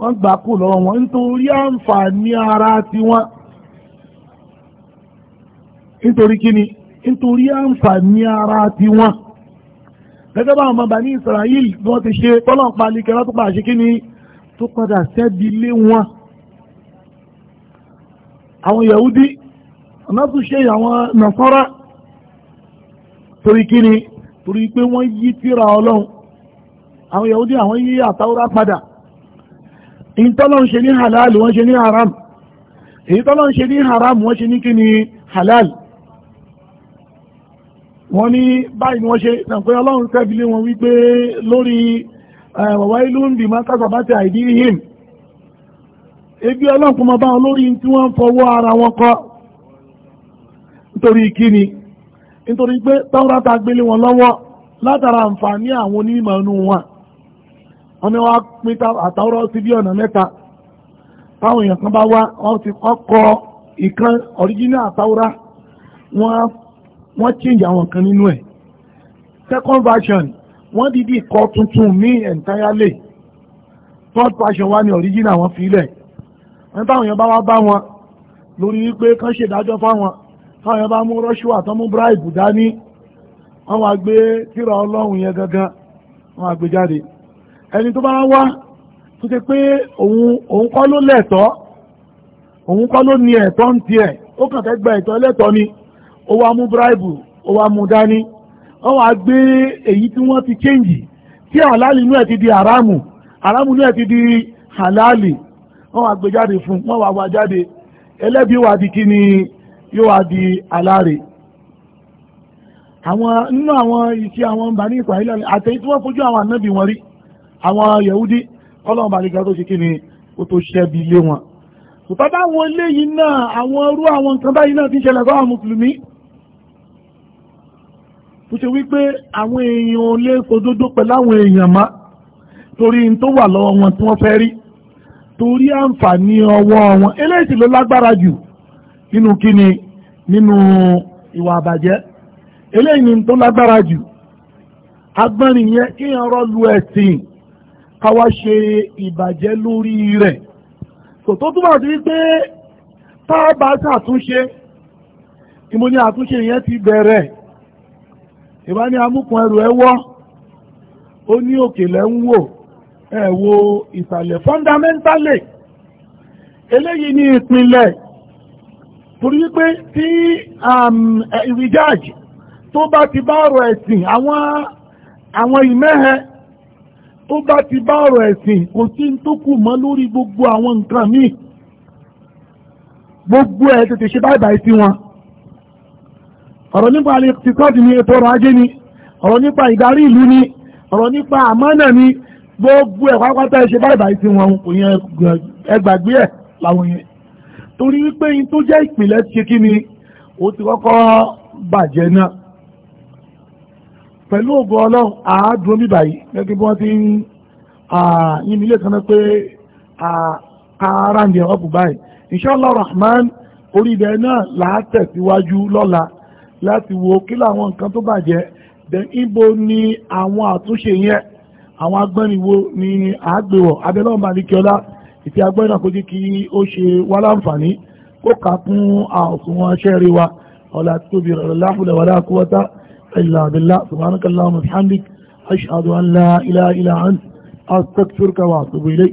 wọ́n gbà kù lọ́wọ́ wọn nítorí àǹfààní ara tiwọn nítorí kí ni nítorí àǹfààní ara ti wọn gẹ́gẹ́ bá àwọn Bani Israel bí wọ́n ti ṣe tọ́lọ̀ pa alikẹ́ látó pa àṣekí ni tó padà sẹ́bi lé wọn àwọn Yahudi ọ̀nà tó ṣe àwọn Nasara torí kí torí pé wọ́n yí tírà ọlọ́run àwọn Yahudi àwọn yí àtàwọ́rá padà ìtọ́lọ́run ṣe ní halal wọ́n ṣe ní haram èyí tọ́lọ́run ṣe ní haram wọ́n ṣe ní kí halal wọ́n ní báyìí ni wọ́n ṣe nàpẹ́ ọlọ́run tẹ́bílé wọn wípé lórí wàwá ìlú ń bì máa ti àìdí him ebi ọlọ́run kò mọ bá wọn lórí tí wọ́n fọwọ́ ara wọn kọ́ nítorí kíni nítorí pé táwọ́rátà gbélé wọn lọ́wọ́ látara àǹfààní àwọn onímọ̀ inú wọn wọ́n ni wọ́n á pín àtàwọ́rọ́ sí bí ọ̀nà mẹ́ta táwọn èèyàn kan bá wá wọ́n ti kọ́ ìkan ọ̀ríjínà àtàwọ́rá wọ́n á wọ́n change àwọn kan nínú ẹ̀ second version wọ́n dídí kọ tuntun míì entirely third version wá ní original wọn fi lẹ̀ wọ́n táwọn èèyàn bá wá bá wọn lórí wípé kán ṣèdájọ́ fáwọn táwọn èèyàn bá mú rọ́ṣùwà tán mú bribe dání wọ́n wá gbé tírà ọlọ́run yẹn gangan wọ́n wá gbé jáde ẹni tó bá wá tó ṣe pé òun òun kọ́ ló lẹ̀tọ́ òun kọ́ ló ní ẹ̀tọ́ ń tiẹ̀ ó kàn fẹ́ gba ẹ̀tọ́ ẹlẹ́tọ́ ni ó wá mú bíráìbù ó wá mú dání wọ́n wá gbé èyí tí wọ́n ti kéǹjì tí àlálì inú ẹ̀ ti di àràmù àràmù inú ẹ̀ ti di àlálì wọ́n wá gbé jáde fún wọ́n wá wá jáde ẹlẹ́bi wà di kí ni yóò wá di aláre àwọn nínú àwọn iṣẹ́ àwọn bani Israẹli àtẹ̀yí tí wọ́n fojú àwọn ànábì wọn rí àwọn Yahudi kọ́lọ́mù bani kan tó ṣe kí ni ó tó ṣẹ́bi ilé wọn. Bàbá àwọn eléyìí náà àwọn irú àwọn nǹkan báyìí náà ti ń ṣẹlẹ̀ fáwọn Mùsùlùmí tó ṣe wípé àwọn èèyàn ò lè fojódó pẹ̀lú àwọn èèyàn má torí n tó wà lọ́wọ́ wọn tí wọ́n fẹ́ rí torí àǹfààní ọwọ́ wọn eléyìí ló lágbára jù nínú kíni nínú ìwà àbàjẹ́ eléyìí ni tó lágbára jù agbọ́nrin yẹn kí n rọ́lu ẹ̀sìn káwa ṣe ìbàjẹ́ lórí rẹ̀ kò tó túmọ̀ sí pé tá a bá ṣàtúnṣe ìmọ̀ ni àtúnṣe yẹn ti bẹ̀rẹ̀ ìbá ní amúkun ẹrù ẹ wọ́ ó ní òkèlè ń ẹ wo ìsàlẹ̀ fundamentally eléyìí ní ìpínlẹ̀ torí wípé tí um, ìrìjáàjì tó bá ti bá ọ̀rọ̀ ẹ̀sìn àwọn ìmẹ́hẹ tó bá ti bá ọ̀rọ̀ ẹ̀sìn kò sí tó kù mọ́ lórí gbogbo àwọn nǹkan míì gbogbo ẹ̀ tètè ṣe báyìí báyìí sí wọn ọ̀rọ̀ nípa àlèkìtìkọ́dì ni ètò ọrọ̀ ajé ni ọ̀rọ̀ nípa ìdarí ìlú ni ọ̀rọ̀ nípa àmánà ni gbogbo ẹ̀ pápátá ẹ ṣe báyìí báyìí tí wọn kò yẹn ẹgbàgbé ẹ̀ láwọn yẹn torí wípé yín tó jẹ́ ìpìlẹ̀ ṣe kí ni ó ti kọ́kọ́ bàjẹ́ náà pẹ̀lú ògo ọlọ́run àádùn mi báyìí gẹ́gẹ́ bí wọ́n ti ń yín mi lè kan pé ara ń yẹn ọ̀pù báyìí inshallah rahman orí ibẹ̀ náà làá tẹ̀síwájú lọ́la láti wo kí láwọn nǹkan tó bàjẹ́ then ibo ni àwọn àtúnṣe yẹn àwọn agbẹ́niwo ni àágbèwọ̀ abẹ́lọ́wọ́ malikiola ìfi agbẹ́nà kó jẹ́ kí ó ṣe wá láǹfààní kó kà fún àòsùnwọ̀n aṣẹ́ rí wa ọ̀la tóbi rẹ̀ láhùlẹ̀ wàlá quwwata illa billah subhanakallahumma wa bihamdik ashhadu an la ilaha illa ant